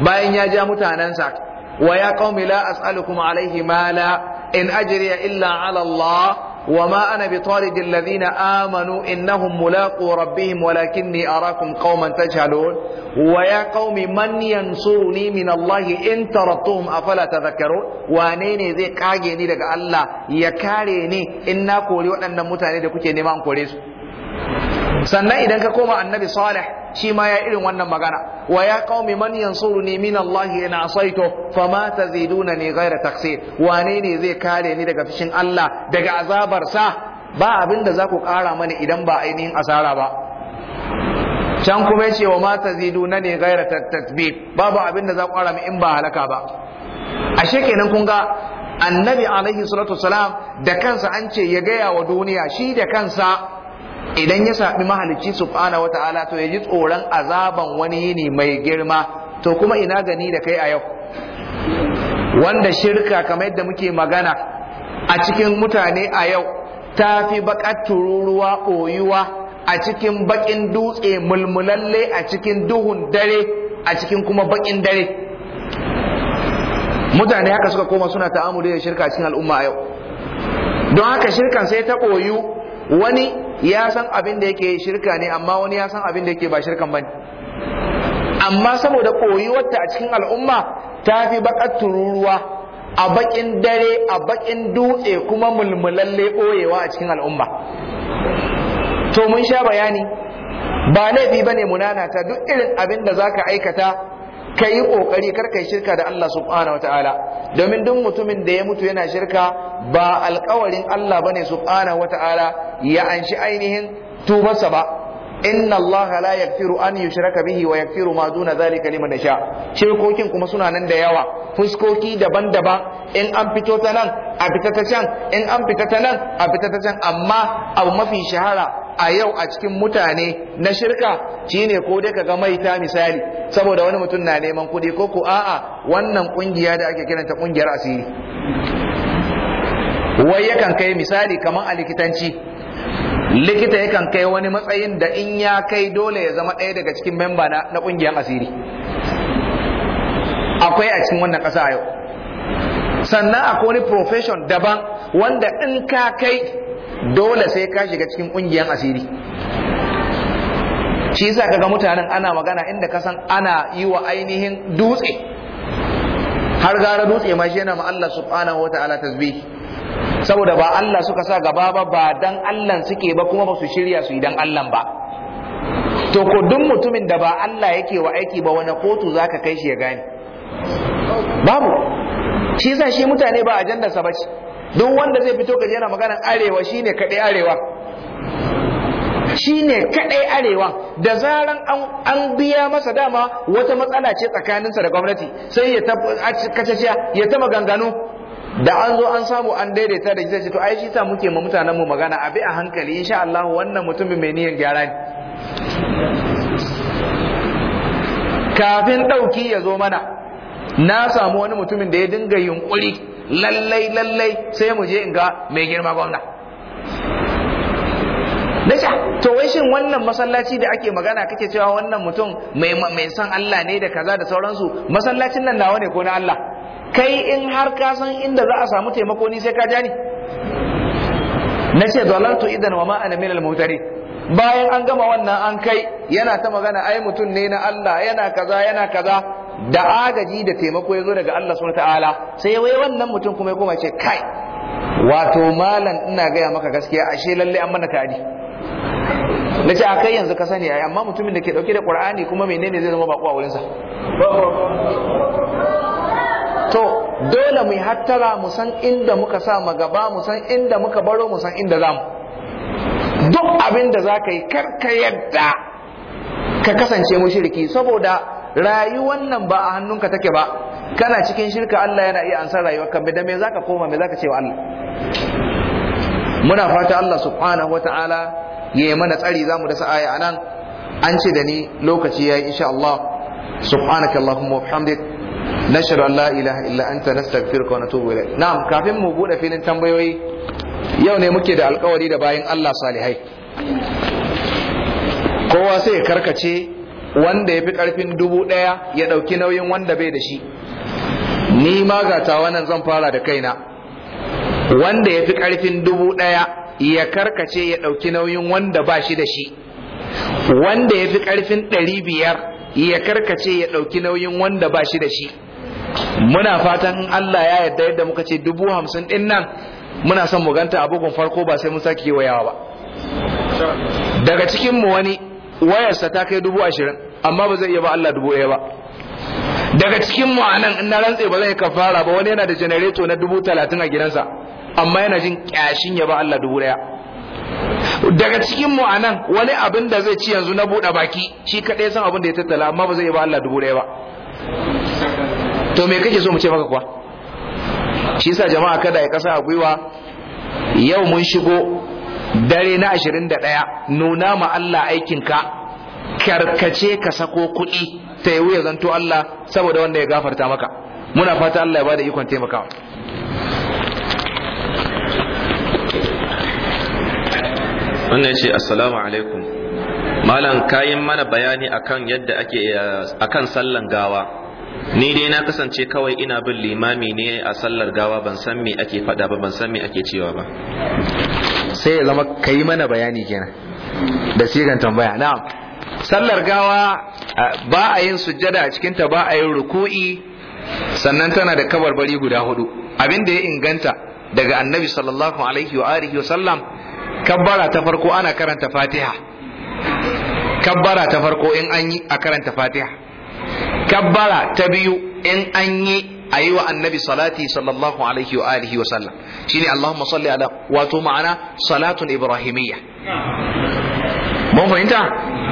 bayan ya ja mutanensa wa ya qaumi la as'alukum alaihi mala in ajriya illa ala Allah وما أنا بطارد الذين آمنوا إنهم ملاقو ربهم ولكني أراكم قوما تجهلون ويا قوم من ينصرني من الله إن ترطوهم أفلا تذكرون وانيني ذي قاقيني لك الله يكاريني إنا قولي وأن متاني لكي نمان قوليس sannan idan ka koma annabi salih shi ma ya irin wannan magana ويا قوم من ينصرني من الله إن عصيته فما تزيدونني غير تقصير وانيني zai kare ni daga fushin Allah daga azabar sa ba abin da za ku ƙara mana idan ba ainihin asara ba can kuma yace wa ma taziduna ne gaira tatbib babu abin da za ku ƙara in ba halaka ba ashe kenan kun ga annabi alaihi salatu wasalam da kansa an ce ya gaya wa duniya shi da kansa idan ya saɓi mahalicci subhanahu wata'ala to ya ji tsoron azaban wani yini mai girma to kuma ina gani da kai a yau wanda shirka kamar yadda muke magana a cikin mutane a yau ta fi baƙar tururuwa ɓoyuwa a cikin baƙin dutse mulmulalle a cikin duhun dare a cikin kuma baƙin dare mutane haka suka koma suna ta'amuli da shirka cikin al'umma a yau don haka shirkan sai ta ɓoyu wani ya san abin da yake shirka ne amma wani ya san abin da yake ba shirkan bane amma saboda wata a cikin al'umma ta fi bakar tururuwa a bakin dare a bakin dutse kuma mulmulan boyewa a cikin al'umma to mun sha bayani ba laifi bane munana ta duk irin abin da za ka aikata ka yi ƙoƙari kar yi shirka da Allah subhanahu wataala domin duk mutumin da ya mutu yana shirka ba alƙawarin Allah bane subhanahu wataala ya anshi ainihin tubarsa ba inna Allah la yaghfiru an yushraka bihi wa yaghfiru ma duna zalika liman yasha shirkokin kuma suna nan da yawa fuskoki daban-daban in an fito ta nan a fita ta can in an fita ta nan a fita ta can amma abu mafi shahara a yau a cikin mutane na shirka shine ko dai ka kaga maita misali saboda wani mutum na neman kuɗi ko ko a'a wannan kungiya da ake kiranta kungiyar asiri wai yakan kai misali kamar a likitanci likita yakan kai wani matsayin da in ya kai dole ya zama ɗaya daga cikin memba na kungiyar asiri akwai a cikin wannan ƙasa yau sannan akwai wani profession daban wanda in ka kai dole sai ka shiga cikin ƙungiyar asiri shi yasa kaga mutanen ana magana inda ka san ana yi wa ainihin dutse har gara dutse ma shi yana ma Allah subhanahu wataala tasbih saboda ba Allah suka sa gaba ba ba dan Allah suke ba kuma ba su shirya su idan Allah ba to ko duk mutumin da ba Allah yake wa aiki ba wani kotu zaka kai shi ya gane babu shi yasa shi mutane ba ajandarsa ba ce duk wanda zai fito gaji yana maganar arewa shine kaɗai arewa shine kaɗai arewa da zaran an biya masa dama wata matsala ce tsakaninsa da gwamnati sai ya ta ya ta maganganu da an zo an samu an daidaita da ce to ai shi sa muke ma mutanen mu magana a bi a hankali insha Allah wannan mutumin mai niyyar gyara ne kafin ɗauki ya zo mana na samu wani mutumin da ya dinga yunkuri lallai lallai sai mu je in ga mai girma gwamna Nasha, to wai shin wannan masallaci da ake magana kake cewa wannan mutum mai mai san Allah ne da kaza da sauransu masallacin nan nawa ne ko na Allah kai in har ka san inda za a samu taimako ni sai ka ja ni nace dalaltu idan wa ma ana min al bayan an gama wannan an kai yana ta magana ai mutum ne na Allah yana kaza yana kaza da agaji da taimako ya zo daga Allah subhanahu ta'ala sai wai wannan mutum kuma ya koma ce kai wato malam ina gaya maka gaskiya ashe lalle an mana tari na ce a yanzu ka sani ai amma mutumin da ke dauke da qur'ani kuma menene zai zama bako a wurinsa to dole mu hattara mu san inda muka sa magaba mu san inda muka baro mu san inda zamu duk abin da za ka yi karka yadda ka kasance mushriki saboda rayuwan nan ba a hannunka take ba kana cikin shirka Allah yana iya ansar rayuwarka me da me zaka koma me zaka ce wa Allah muna fata Allah subhanahu wataala ya yi mana tsari zamu dasa aya anan an ce da ni lokaci yayi insha Allah subhanaka allahumma wa bihamdik nashhadu an la ilaha illa anta nastaghfiruka wa natubu ilayk na'am kafin mu bude filin tambayoyi yau ne muke da alkawari da bayan Allah salihai kowa sai ya karkace wanda ya fi ƙarfin dubu ɗaya ya ɗauki nauyin wanda bai da shi ni ma gata wannan zan fara da kaina wanda ya fi ƙarfin dubu ɗaya ya karkace ya ɗauki nauyin wanda ba shi da shi wanda ya fi ƙarfin ɗari biyar ya karkace ya ɗauki nauyin wanda ba shi da shi muna fatan in Allah ya yarda yadda muka ce dubu hamsin ɗin nan muna son mu ganta a bugun farko ba sai mun sake wayawa ba daga cikin mu wani wayarsa ta kai dubu ashirin amma ba zai iya ba Allah dubu ɗaya ba daga cikin mu anan in na rantse ba zai kafara ba wani yana da janareto na dubu talatin a gidansa amma yana jin kyashin ya ba Allah dubu ɗaya daga cikin mu anan wani abin da zai ci yanzu na buɗe baki shi kaɗai san abin da ya tattala amma ba zai iya ba Allah dubu ɗaya ba to me kake so mu ce maka kuwa shi sa jama'a kada ya kasa a gwiwa yau mun shigo dare na ashirin da ɗaya nuna ma Allah aikinka karkace ka sako kuɗi ta yi wuya zanto Allah saboda wanda ya gafarta maka muna fata Allah ya bada ikon taimakawa wannan shi assalamu alaikum malam kayan mana bayani akan yadda ake eh, akan sallan gawa ni dai na kasance kawai ina bin limami ne a sallar gawa ban san me ake faɗa ba ban san me ake cewa ba sai ya zama ka yi mana bayani kenan da sigan tambaya na'am sallar gawa ba a yin sujjada a cikinta ba a yin ruku'i sannan tana da kabarbari guda hudu abin da ya inganta daga annabi sallallahu alaihi wa alihi wa sallam kabbara ta farko ana karanta fatiha kabbara ta farko in an yi a karanta fatiha kabbara ta biyu in an yi yi wa annabi salati sallallahu alaihi wa alihi wa sallam shine Allahumma salli ala wato ma'ana salatun ibrahimiyya mun fahimta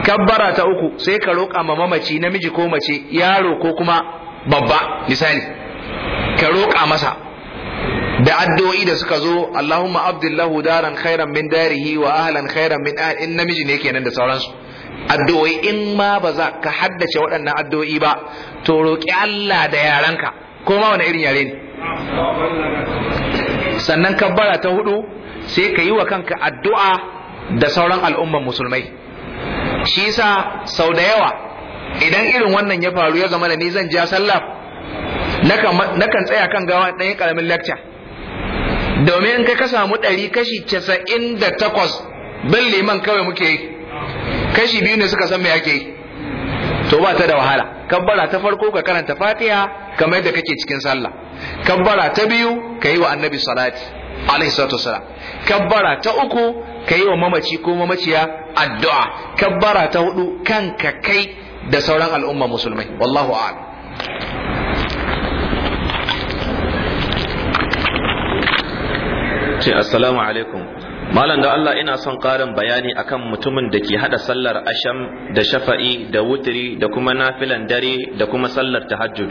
kabbara ta uku sai ka roƙa ma mamaci namiji ko mace yaro ko kuma babba misali ka roƙa masa da addu'o'i da suka zo Allahumma abdillahu daran khairan min darihi wa ahlan khairan min in namiji ne kenan da sauransu addu'o'i in ma ba za ka haddace waɗannan addu'o'i ba to roƙi Allah da yaranka ko ma wani irin yare ne sannan kabbara ta hudu sai ka yi wa kanka addu'a da sauran al'umman musulmai shi yasa sau da yawa idan irin wannan ya faru ya zama da ni zan ja sallah nakan tsaya kan gawa ɗaya ƙaramin lakca domin ka ka samu ɗari kashi casa'in da takwas bin liman kawai muke yi kashi biyu ne suka san me ake yi to ba ta da wahala kabbara ta farko ka karanta fatiha kamar yadda kake cikin sallah kabbara ta biyu ka yi wa annabi salati alaihi salatu wasalam kabbara ta uku ka yi wa mamaci ko mamaciya addu'a kabbara ta hudu kanka kai da sauran al'umma musulmai wallahu a'lam assalamu alaikum malam da Allah ina son ƙarin bayani akan mutumin da ke hada sallar asham da shafa'i da wutiri da kuma nafilan dare da kuma sallar tahajjud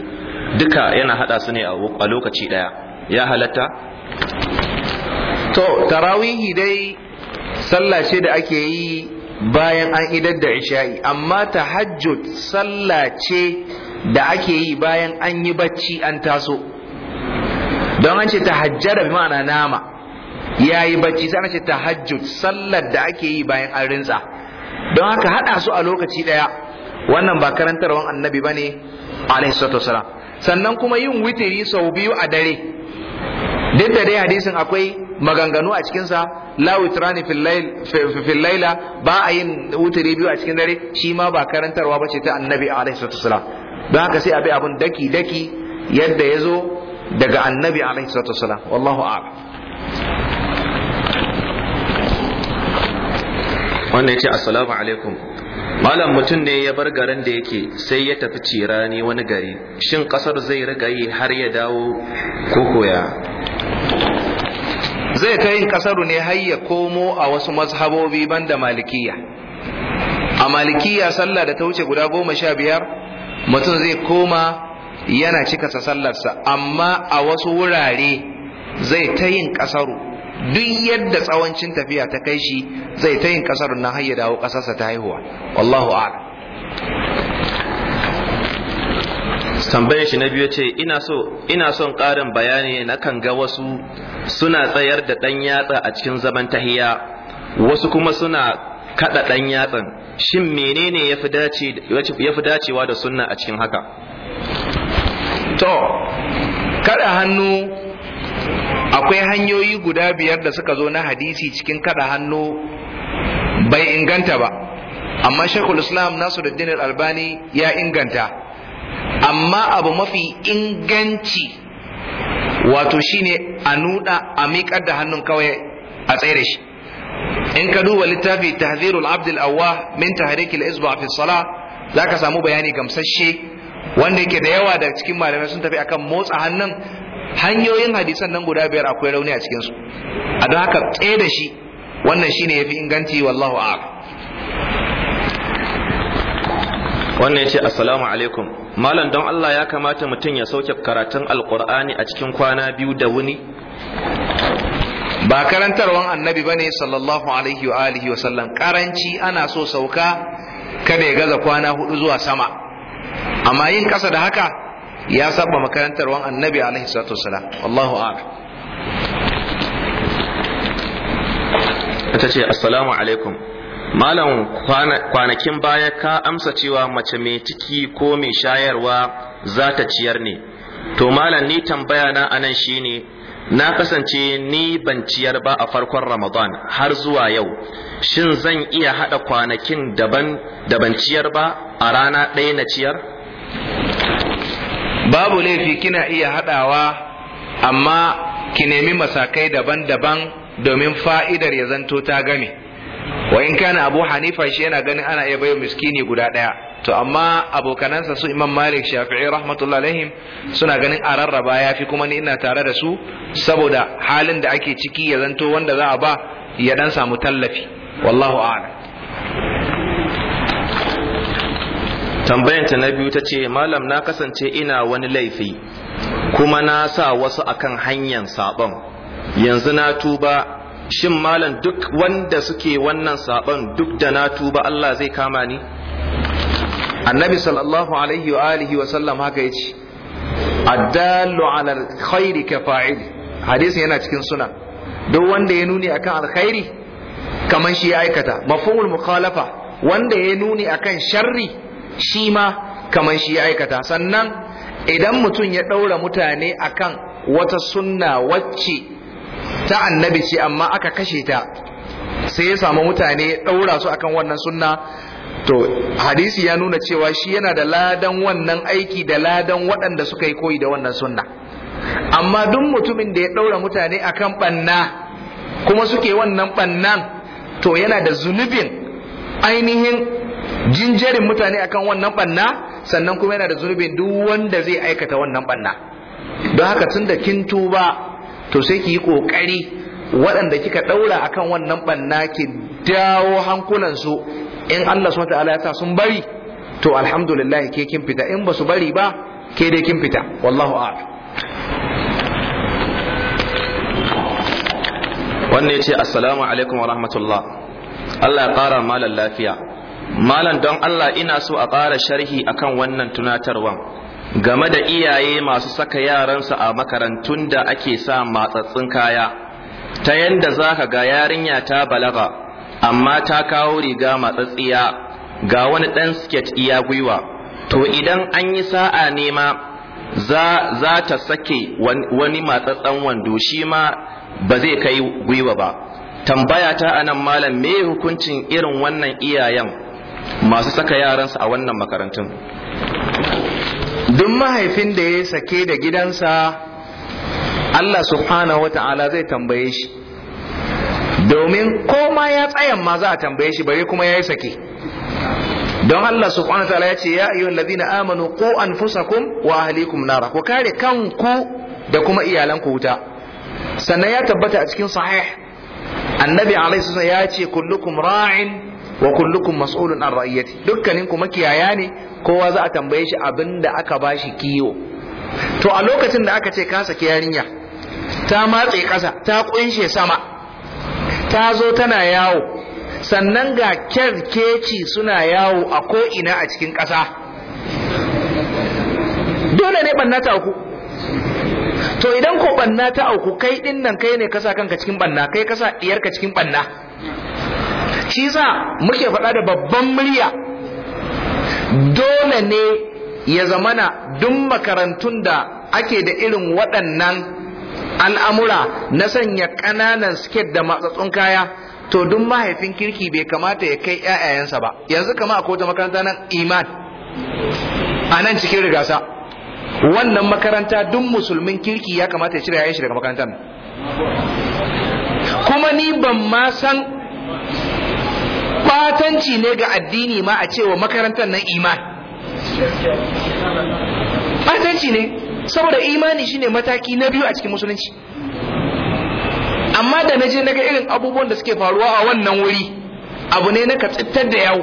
duka yana hada su ne a lokaci daya ya halatta to tarawihi dai sallah ce da ake yi bayan an idar da isha'i amma tahajjud sallah ce da ake yi bayan an yi bacci an taso don an ce tahajjara bi ma'ana nama yayi bacci sai ana ce tahajjud sallar da ake yi bayan an rintsa don haka haɗa su a lokaci ɗaya wannan ba karantarwan annabi bane alaihi salatu wasalam sannan kuma yin witiri sau biyu a dare duk da dai hadisin akwai maganganu a cikinsa la witrani fil laila ba a yin wutiri biyu a cikin dare shi ma ba karantarwa ba ce ta annabi alaihi salatu wasalam don haka sai abi abun daki daki yadda ya zo daga annabi alaihi salatu wasalam wallahu a'lam wanda ya ce assalamu alaikum malam mutum ne ya bar garin da yake sai ya tafi cirani wani gari shin kasar zai riga yi har ya dawo ko koya zai kai kasaru ne har ya komo a wasu mazhabobi banda malikiya a malikiya sallah da ta wuce guda goma sha biyar mutum zai koma yana cikasa sallarsa amma a wasu wurare zai ta yin kasaru duk yadda tsawancin tafiya ta kai shi zai ta yin kasar na har dawo kasarsa ta haihuwa wallahu a'lam tambayar shi na biyu ce ina so ina son ƙarin bayani na kan ga wasu suna tsayar da ɗan yatsa a cikin zaman tahiya wasu kuma suna kaɗa ɗan yatsan shin menene yafi yafi dacewa da sunna a cikin haka to kada hannu akwai hanyoyi guda biyar da suka zo na hadisi cikin kada hannu bai inganta ba amma shekul islam dinar albani ya inganta amma abu mafi inganci wato shine a nuda a miƙar da hannun kawai a tsere shi in ka duba littafi tahzirul abdul awwa min tahrik al isba fi salah zaka samu bayani gamsasshe wanda yake da yawa daga cikin malamai sun tafi akan motsa hannun hanyoyin hadisan nan guda biyar akwai rauni a cikinsu a don haka tsaye da shi wannan shine yafi inganci wallahu a'lam wannan ya ce assalamu alaikum malam don Allah ya kamata mutum ya sauke karatun alkur'ani a cikin kwana biyu da wuni ba karantarwan annabi bane sallallahu alaihi wa alihi wa sallam karanci ana so sauka kada ya gaza kwana hudu zuwa sama amma yin kasa da haka ya saba makarantar wan annabi alaihi salatu wasalam Allahu a'lam ta ce assalamu alaikum malam kwanakin baya ka amsa cewa mace mai ciki ko mai shayarwa za ta ciyar ne to malam ni tambaya na anan shi ne. na kasance ni ban ciyar ba a farkon ramadan har zuwa yau shin zan iya hada kwanakin daban da ban ciyar ba a rana ɗaya na ciyar babu laifi kina iya haɗawa amma ki nemi masakai daban-daban domin fa'idar ya zanto ta game wa in kana abu hanifa shi yana ganin ana iya bayo miskini guda ɗaya to amma abokanansa su imam malik shafi'i rahmatullahi alaihim suna ganin a rarraba ya fi kuma ni ina tare da su saboda halin da ake ciki ya zanto wanda za a ba ya dan samu tallafi wallahu a'lam tambayanta na biyu ta ce malam na kasance ina wani laifi kuma na sa wasu akan hanyar sabon yanzu na tuba shin malam duk wanda suke wannan sabon duk da na tuba Allah zai kama ni annabi sallallahu alaihi wa alihi wa sallam haka yace addallu ala alkhairi ka fa'il hadisin yana cikin suna duk wanda ya nuni akan alkhairi kaman shi ya aikata mafhumul mukhalafa wanda ya nuni akan sharri shi ma kamar shi ya aikata sannan idan mutum ya ɗaura mutane akan wata sunna wacce ta annabi ce amma aka kashe ta sai ya samu mutane ya ɗaura su akan wannan sunna to hadisi ya nuna cewa shi yana da ladan wannan aiki da ladan waɗanda suka yi koyi da wannan sunna amma duk mutumin da ya ɗaura mutane akan ɓanna kuma suke wannan ɓannan to yana da zunubin ainihin jinjerin mutane akan wannan banna sannan kuma yana da zunubin duk wanda zai aikata wannan banna don haka tun da kin tuba to sai ki yi kokari waɗanda kika ɗaura akan wannan banna ki dawo hankulansu in Allah subhanahu ya sa sun bari to alhamdulillah ke kin fita in ba su bari ba ke dai kin fita wallahu a'lam wannan ya ce assalamu alaikum wa rahmatullah Allah ya ƙara malam lafiya malam don Allah ina so a ƙara sharhi akan wannan tunatarwan game da iyaye masu saka yaransu a makarantun da ake sa matsatsin kaya ta yanda za ka ga yarinya ta balaga amma ta kawo riga matsatsiya ga wani ɗan sket iya gwiwa to idan an yi sa'a nema za, za ta sake wani matsatsan wando shi ma ba zai kai gwiwa ba tambaya ta anan malam me hukuncin irin wannan iyayen masu saka yaransa a wannan makarantun duk mahaifin da ya sake da gidansa Allah subhanahu wa ta'ala zai tambaye shi domin koma ya tsayan ma za a tambaye shi bare kuma ya yi sake don Allah subhanahu wa ta'ala ya ce ya ayyuhal ladina amanu qu anfusakum wa ahlikum nara ku kare kanku da kuma iyalanku wuta sannan ya tabbata a cikin sahih annabi alaihi ya ce kullukum ra'in wa kullukum mas'ulun an ra'iyati dukkanin ku makiyaya ne kowa za a tambaye shi abinda aka bashi kiyo to a lokacin da aka ce ka saki yarinya ta matse kasa ta kunshe sama ta zo tana yawo sannan ga kyarkeci suna yawo a ko'ina a cikin ƙasa dole ne ɓanna ta uku to idan ko ɓanna ta auku kai ɗin nan kai ne kasa kanka cikin banna kai kasa ɗiyarka cikin banna shi za muke faɗa da babban murya dole ne ya zamana duk makarantun da ake da irin waɗannan al'amura na sanya ƙananan siket da matsatsun kaya to duk mahaifin kirki bai kamata ya kai 'ya'yansa ba yanzu kama a wata makaranta nan iman a nan cikin rigasa wannan makaranta duk musulmin kirki ya kamata ya cire yayin shi daga makarantar kuma ni ban ma san batanci ne ga addini ma a cewa makarantar nan iman batanci ne saboda imani shine mataki na biyu a cikin musulunci amma da na je na ga irin abubuwan da suke faruwa a wannan wuri abu ne na katsittar da yawo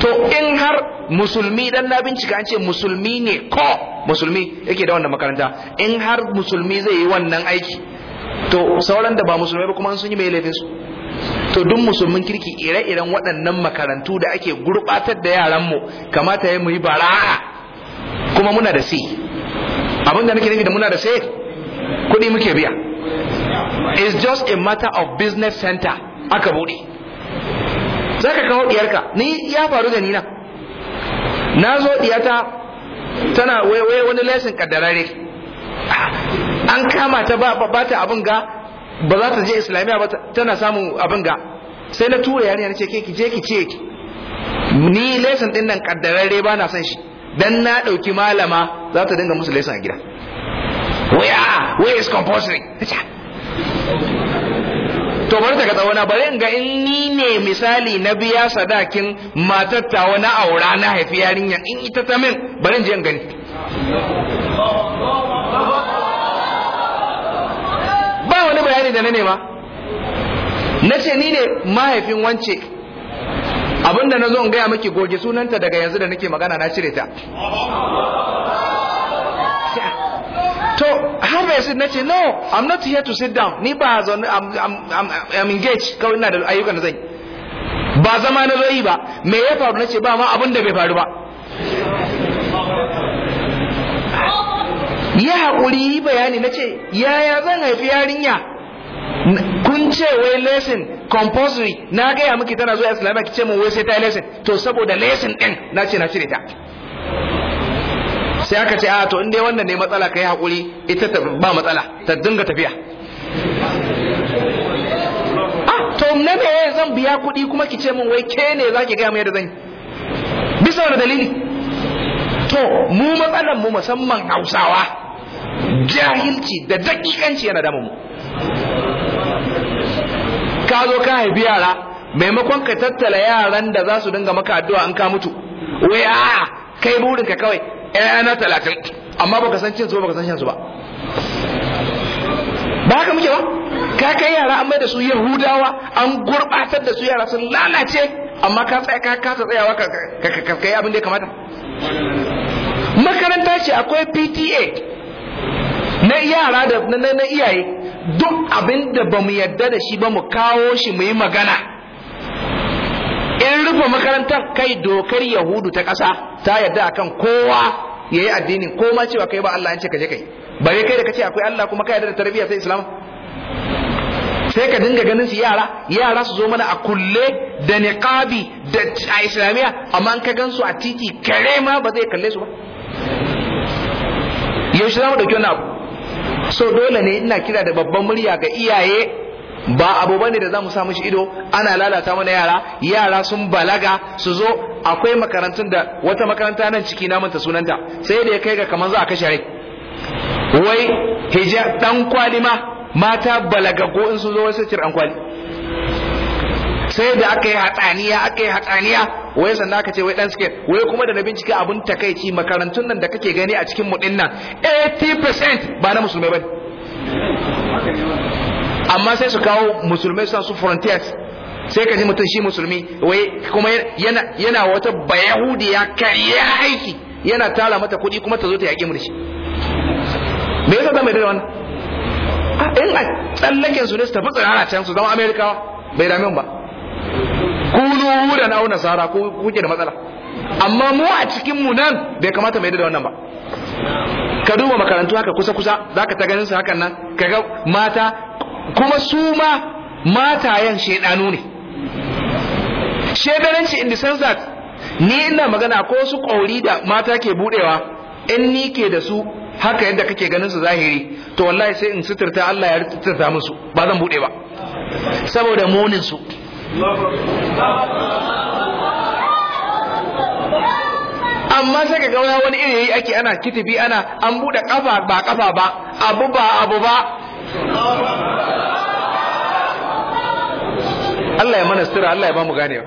to in har musulmi dan na bincika an ce musulmi ne ko musulmi yake da wannan makaranta in har musulmi zai yi wannan aiki to sauran da ba musulmai ba kuma sun yi mai laifin su to duk musulmin kirki ire-iren waɗannan makarantu da ake gurɓatar da yaranmu kamata ya muyi bara'a kuma muna da si abin da nake nufi da muna da sai kuɗi muke biya it's just a matter of business center aka buɗe za ka kawo ɗiyarka ni ya faru da ni na na zo ɗiyata tana wai wani lesson kaddarare an kama ta ba ba ta abin ga ba za ta je islamiyya ba tana samun abin ga sai na tura yarinya na ce ke ki je ki ce ki ni lesson din nan kaddararre ba na son shi dan na dauki malama za ta dinga musu lesson a gida waya where is compulsory to bari ta ga tsawona bari in ga in ni ne misali na biya sadakin matar tawa na aura na haifi yarinya in ita ta min bari in je in gani ba wani bayani da na nema na ce ni ne mahaifin wance abinda na zo in gaya miki goge sunanta daga yanzu da nake magana na cire ta to harvest na ce no i'm not here to sit down ni ba zaune I'm, I'm, I'm, engaged kawai ina da ayyukan zai ba zama na zoyi ba me ya faru na ce ba ma abinda da bai faru ba ya haƙuri yi bayani na ce yaya zan haifi yarinya kun ce wai lesson compulsory na gaya miki tana zuwa islamiyya ki ce mun wai sai ta lesson to saboda lesson din na ce na cire ta sai aka ce a ah, to inda wannan ne matsala kai haƙuri ita ta ba matsala ta dinga tafiya ah to na me zan biya kuɗi kuma ki ce min wai ke ne zaki gaya mu yadda zan bisa wani dalili to mu matsalan mu musamman Hausawa jahilci da dakikanci yana damu ka zo ka haifi yara maimakon ka tattala yaran da za su dinga maka addu'a an ka mutu wai a kai ka kawai Na talatin amma baka san cin su baka san shan su ba ba haka muke ba ka kai yara an mai da su yahudawa an gurbatar da su yara sun lalace amma ka tsaya ka kasa tsayawa ka kai abin da ya kamata makaranta ce akwai PTA na yara da na iyaye duk abin da ba mu yarda da shi ba mu kawo shi mu yi magana in rufe makarantar kai dokar yahudu ta ƙasa ta yarda akan kowa yayi addinin ko ma cewa kai ba Allah ya ce ka je kai bare kai da kace akwai Allah kuma ka yarda da tarbiyya ta Islam sai ka dinga ganin su yara yara su zo mana a kulle da niqabi da a islamiya amma an ka gansu a titi kare ma ba zai kalle su ba yaushe zamu mu dauki wani abu so dole ne ina kira da babban murya ga iyaye ba abu bane da za mu samu shi ido ana lalata mana yara yara sun balaga su zo akwai makarantun da wata makaranta nan ciki na manta sunanta sai da ya kai ga kamar za a kashe rai wai hijab dan kwali ma mata balagago in sun zo wasu cir an kwali sai da aka yi hatsaniya aka yi hatsaniya wai sannan aka ce wai dan suke wai kuma da na bincika abun takaici makarantun nan da kake gani a cikin mu din nan 80% ba na musulmai bane amma sai su kawo musulmai suna su frontiers sai ka ji mutum shi musulmi wai kuma yana yana wata bayahudi ya aiki yana tara mata kuɗi kuma ta zo ta yaƙi mu da shi me yasa zan bai dai wannan ah, in a tsallaken su ne su tafi tsirara can su zama amerikawa bai dame ba kunu na auna sara ko kuke da matsala amma mu a cikin mu nan bai kamata mu da wannan ba ka duba makarantu haka kusa kusa zaka ta ganin su hakan nan kaga mata kuma su ma matayen shedanu ne shedananci in the sense that ni ina magana ko su kauri da mata ke budewa in ni ke da su haka yadda kake ganin su zahiri to wallahi sai in suturta Allah ya suturta musu ba zan bude ba saboda munin su amma sai ka gauna wani iri yayi ake ana kitibi ana an bude kafa ba kafa ba abu ba abu ba Allah ya mana Allah ya ba mu ganewa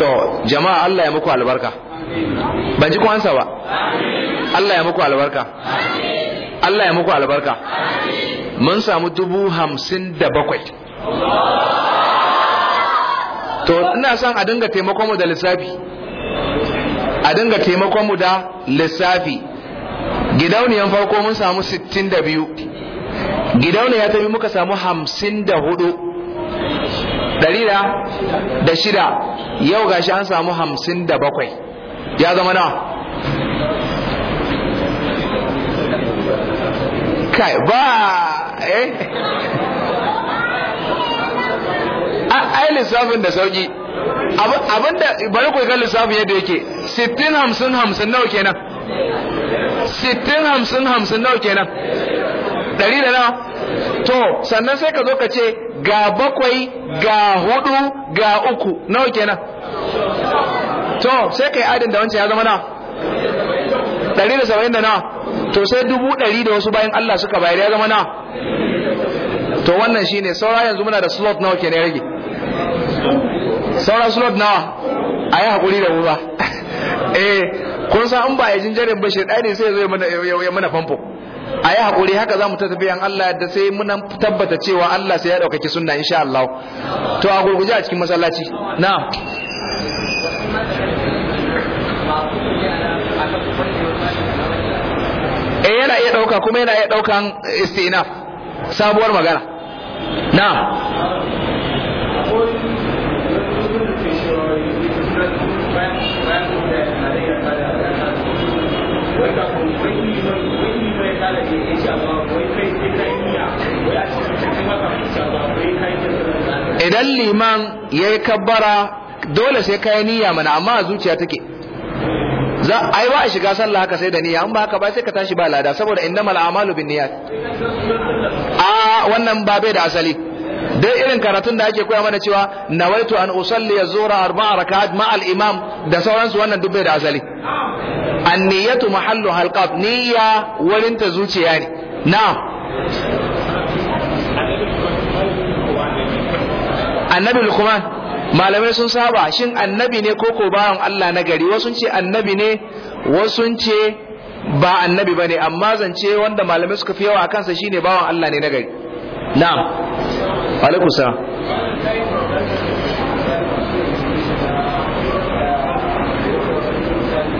to jama'a Allah ya muku albarka ban ji ku ansa ba Allah ya muku albarka Allah ya muku albarka mun samu dubu hamsin da bakwai to ina son a dinga taimakon mu da lissafi a dinga taimakon mu da lissafi gidauniyan farko mun samu sittin da biyu gidauniya ta biyu muka samu hamsin da hudu ɗari da shida yau gashi an samu hamsin da bakwai ya zama nawa kai ba eh ai lissafin da sauki da bari ku ga lissafin yadda yake sittin hamsin hamsin nawa kenan sittin hamsin hamsin nawa kenan Dari da nawa to sannan sai ka zo ka ce ga bakwai ga hudu ga uku nawa kenan to sai kai adin da wancan ya zama na ɗari da saba'in da na to sai dubu ɗari da wasu bayan Allah suka bayar ya zama na to wannan shine saura yanzu muna da slot nawa kenan ya rage saura slot nawa a yi haƙuri da mu ba eh kun san an ba ya jinjarin ba ɗari sai ya zo ya mana famfo a yi haƙuri haka za mu ta tafiyan Allah da sai muna tabbata cewa Allah sai ya ɗaukaki in insha Allah to a gurguje a cikin masallaci na E, eh, yana iya ɗauka kuma yana iya ɗaukan istinaf sabuwar magana na Thank you. idan liman ya yi kabbara dole sai kayan niyya mana amma a zuciya take za a yi ba a shiga sallah haka sai da niyya an ba haka ba sai ka tashi ba lada saboda innamal a'malu bin niyyat a wannan ba bai da asali dai irin karatun da ake koya mana cewa nawaitu an usalli az-zuhra arba'a rak'at ma al-imam da sauransu wannan duk bai da asali an mahallu halqaf niyya wurin ta zuciya ne na'am annabi lukman malamai sun saba shin annabi ne ko ko bawan Allah na gari wasu ce annabi ne wasu ce ba annabi ne amma zance wanda malamai suka fi yawa kansa shine bawan Allah ne na gari na'am alaikum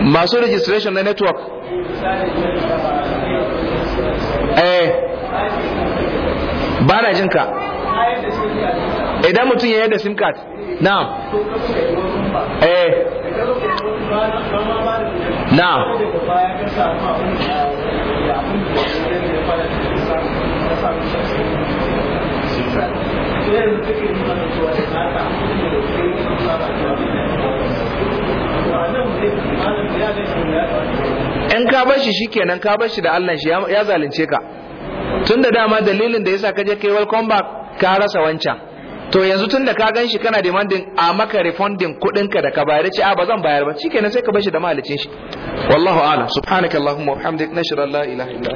masu registration na network eh ba na ka. idan mutum ya yadda sim card Na. eh na'am Thank you. in ka bar shi shikenan ka bar shi da Allah shi ya zalunce ka tun da dama dalilin da yasa ka je kai welcome back ka rasa wancan to yanzu tun da ka gan shi kana demanding a maka refunding kuɗinka da ka bayar ce a ba zan bayar ba shikenan sai ka bar shi da mahalicin shi wallahu a'lam subhanakallahumma wa bihamdika nashra la ilaha illa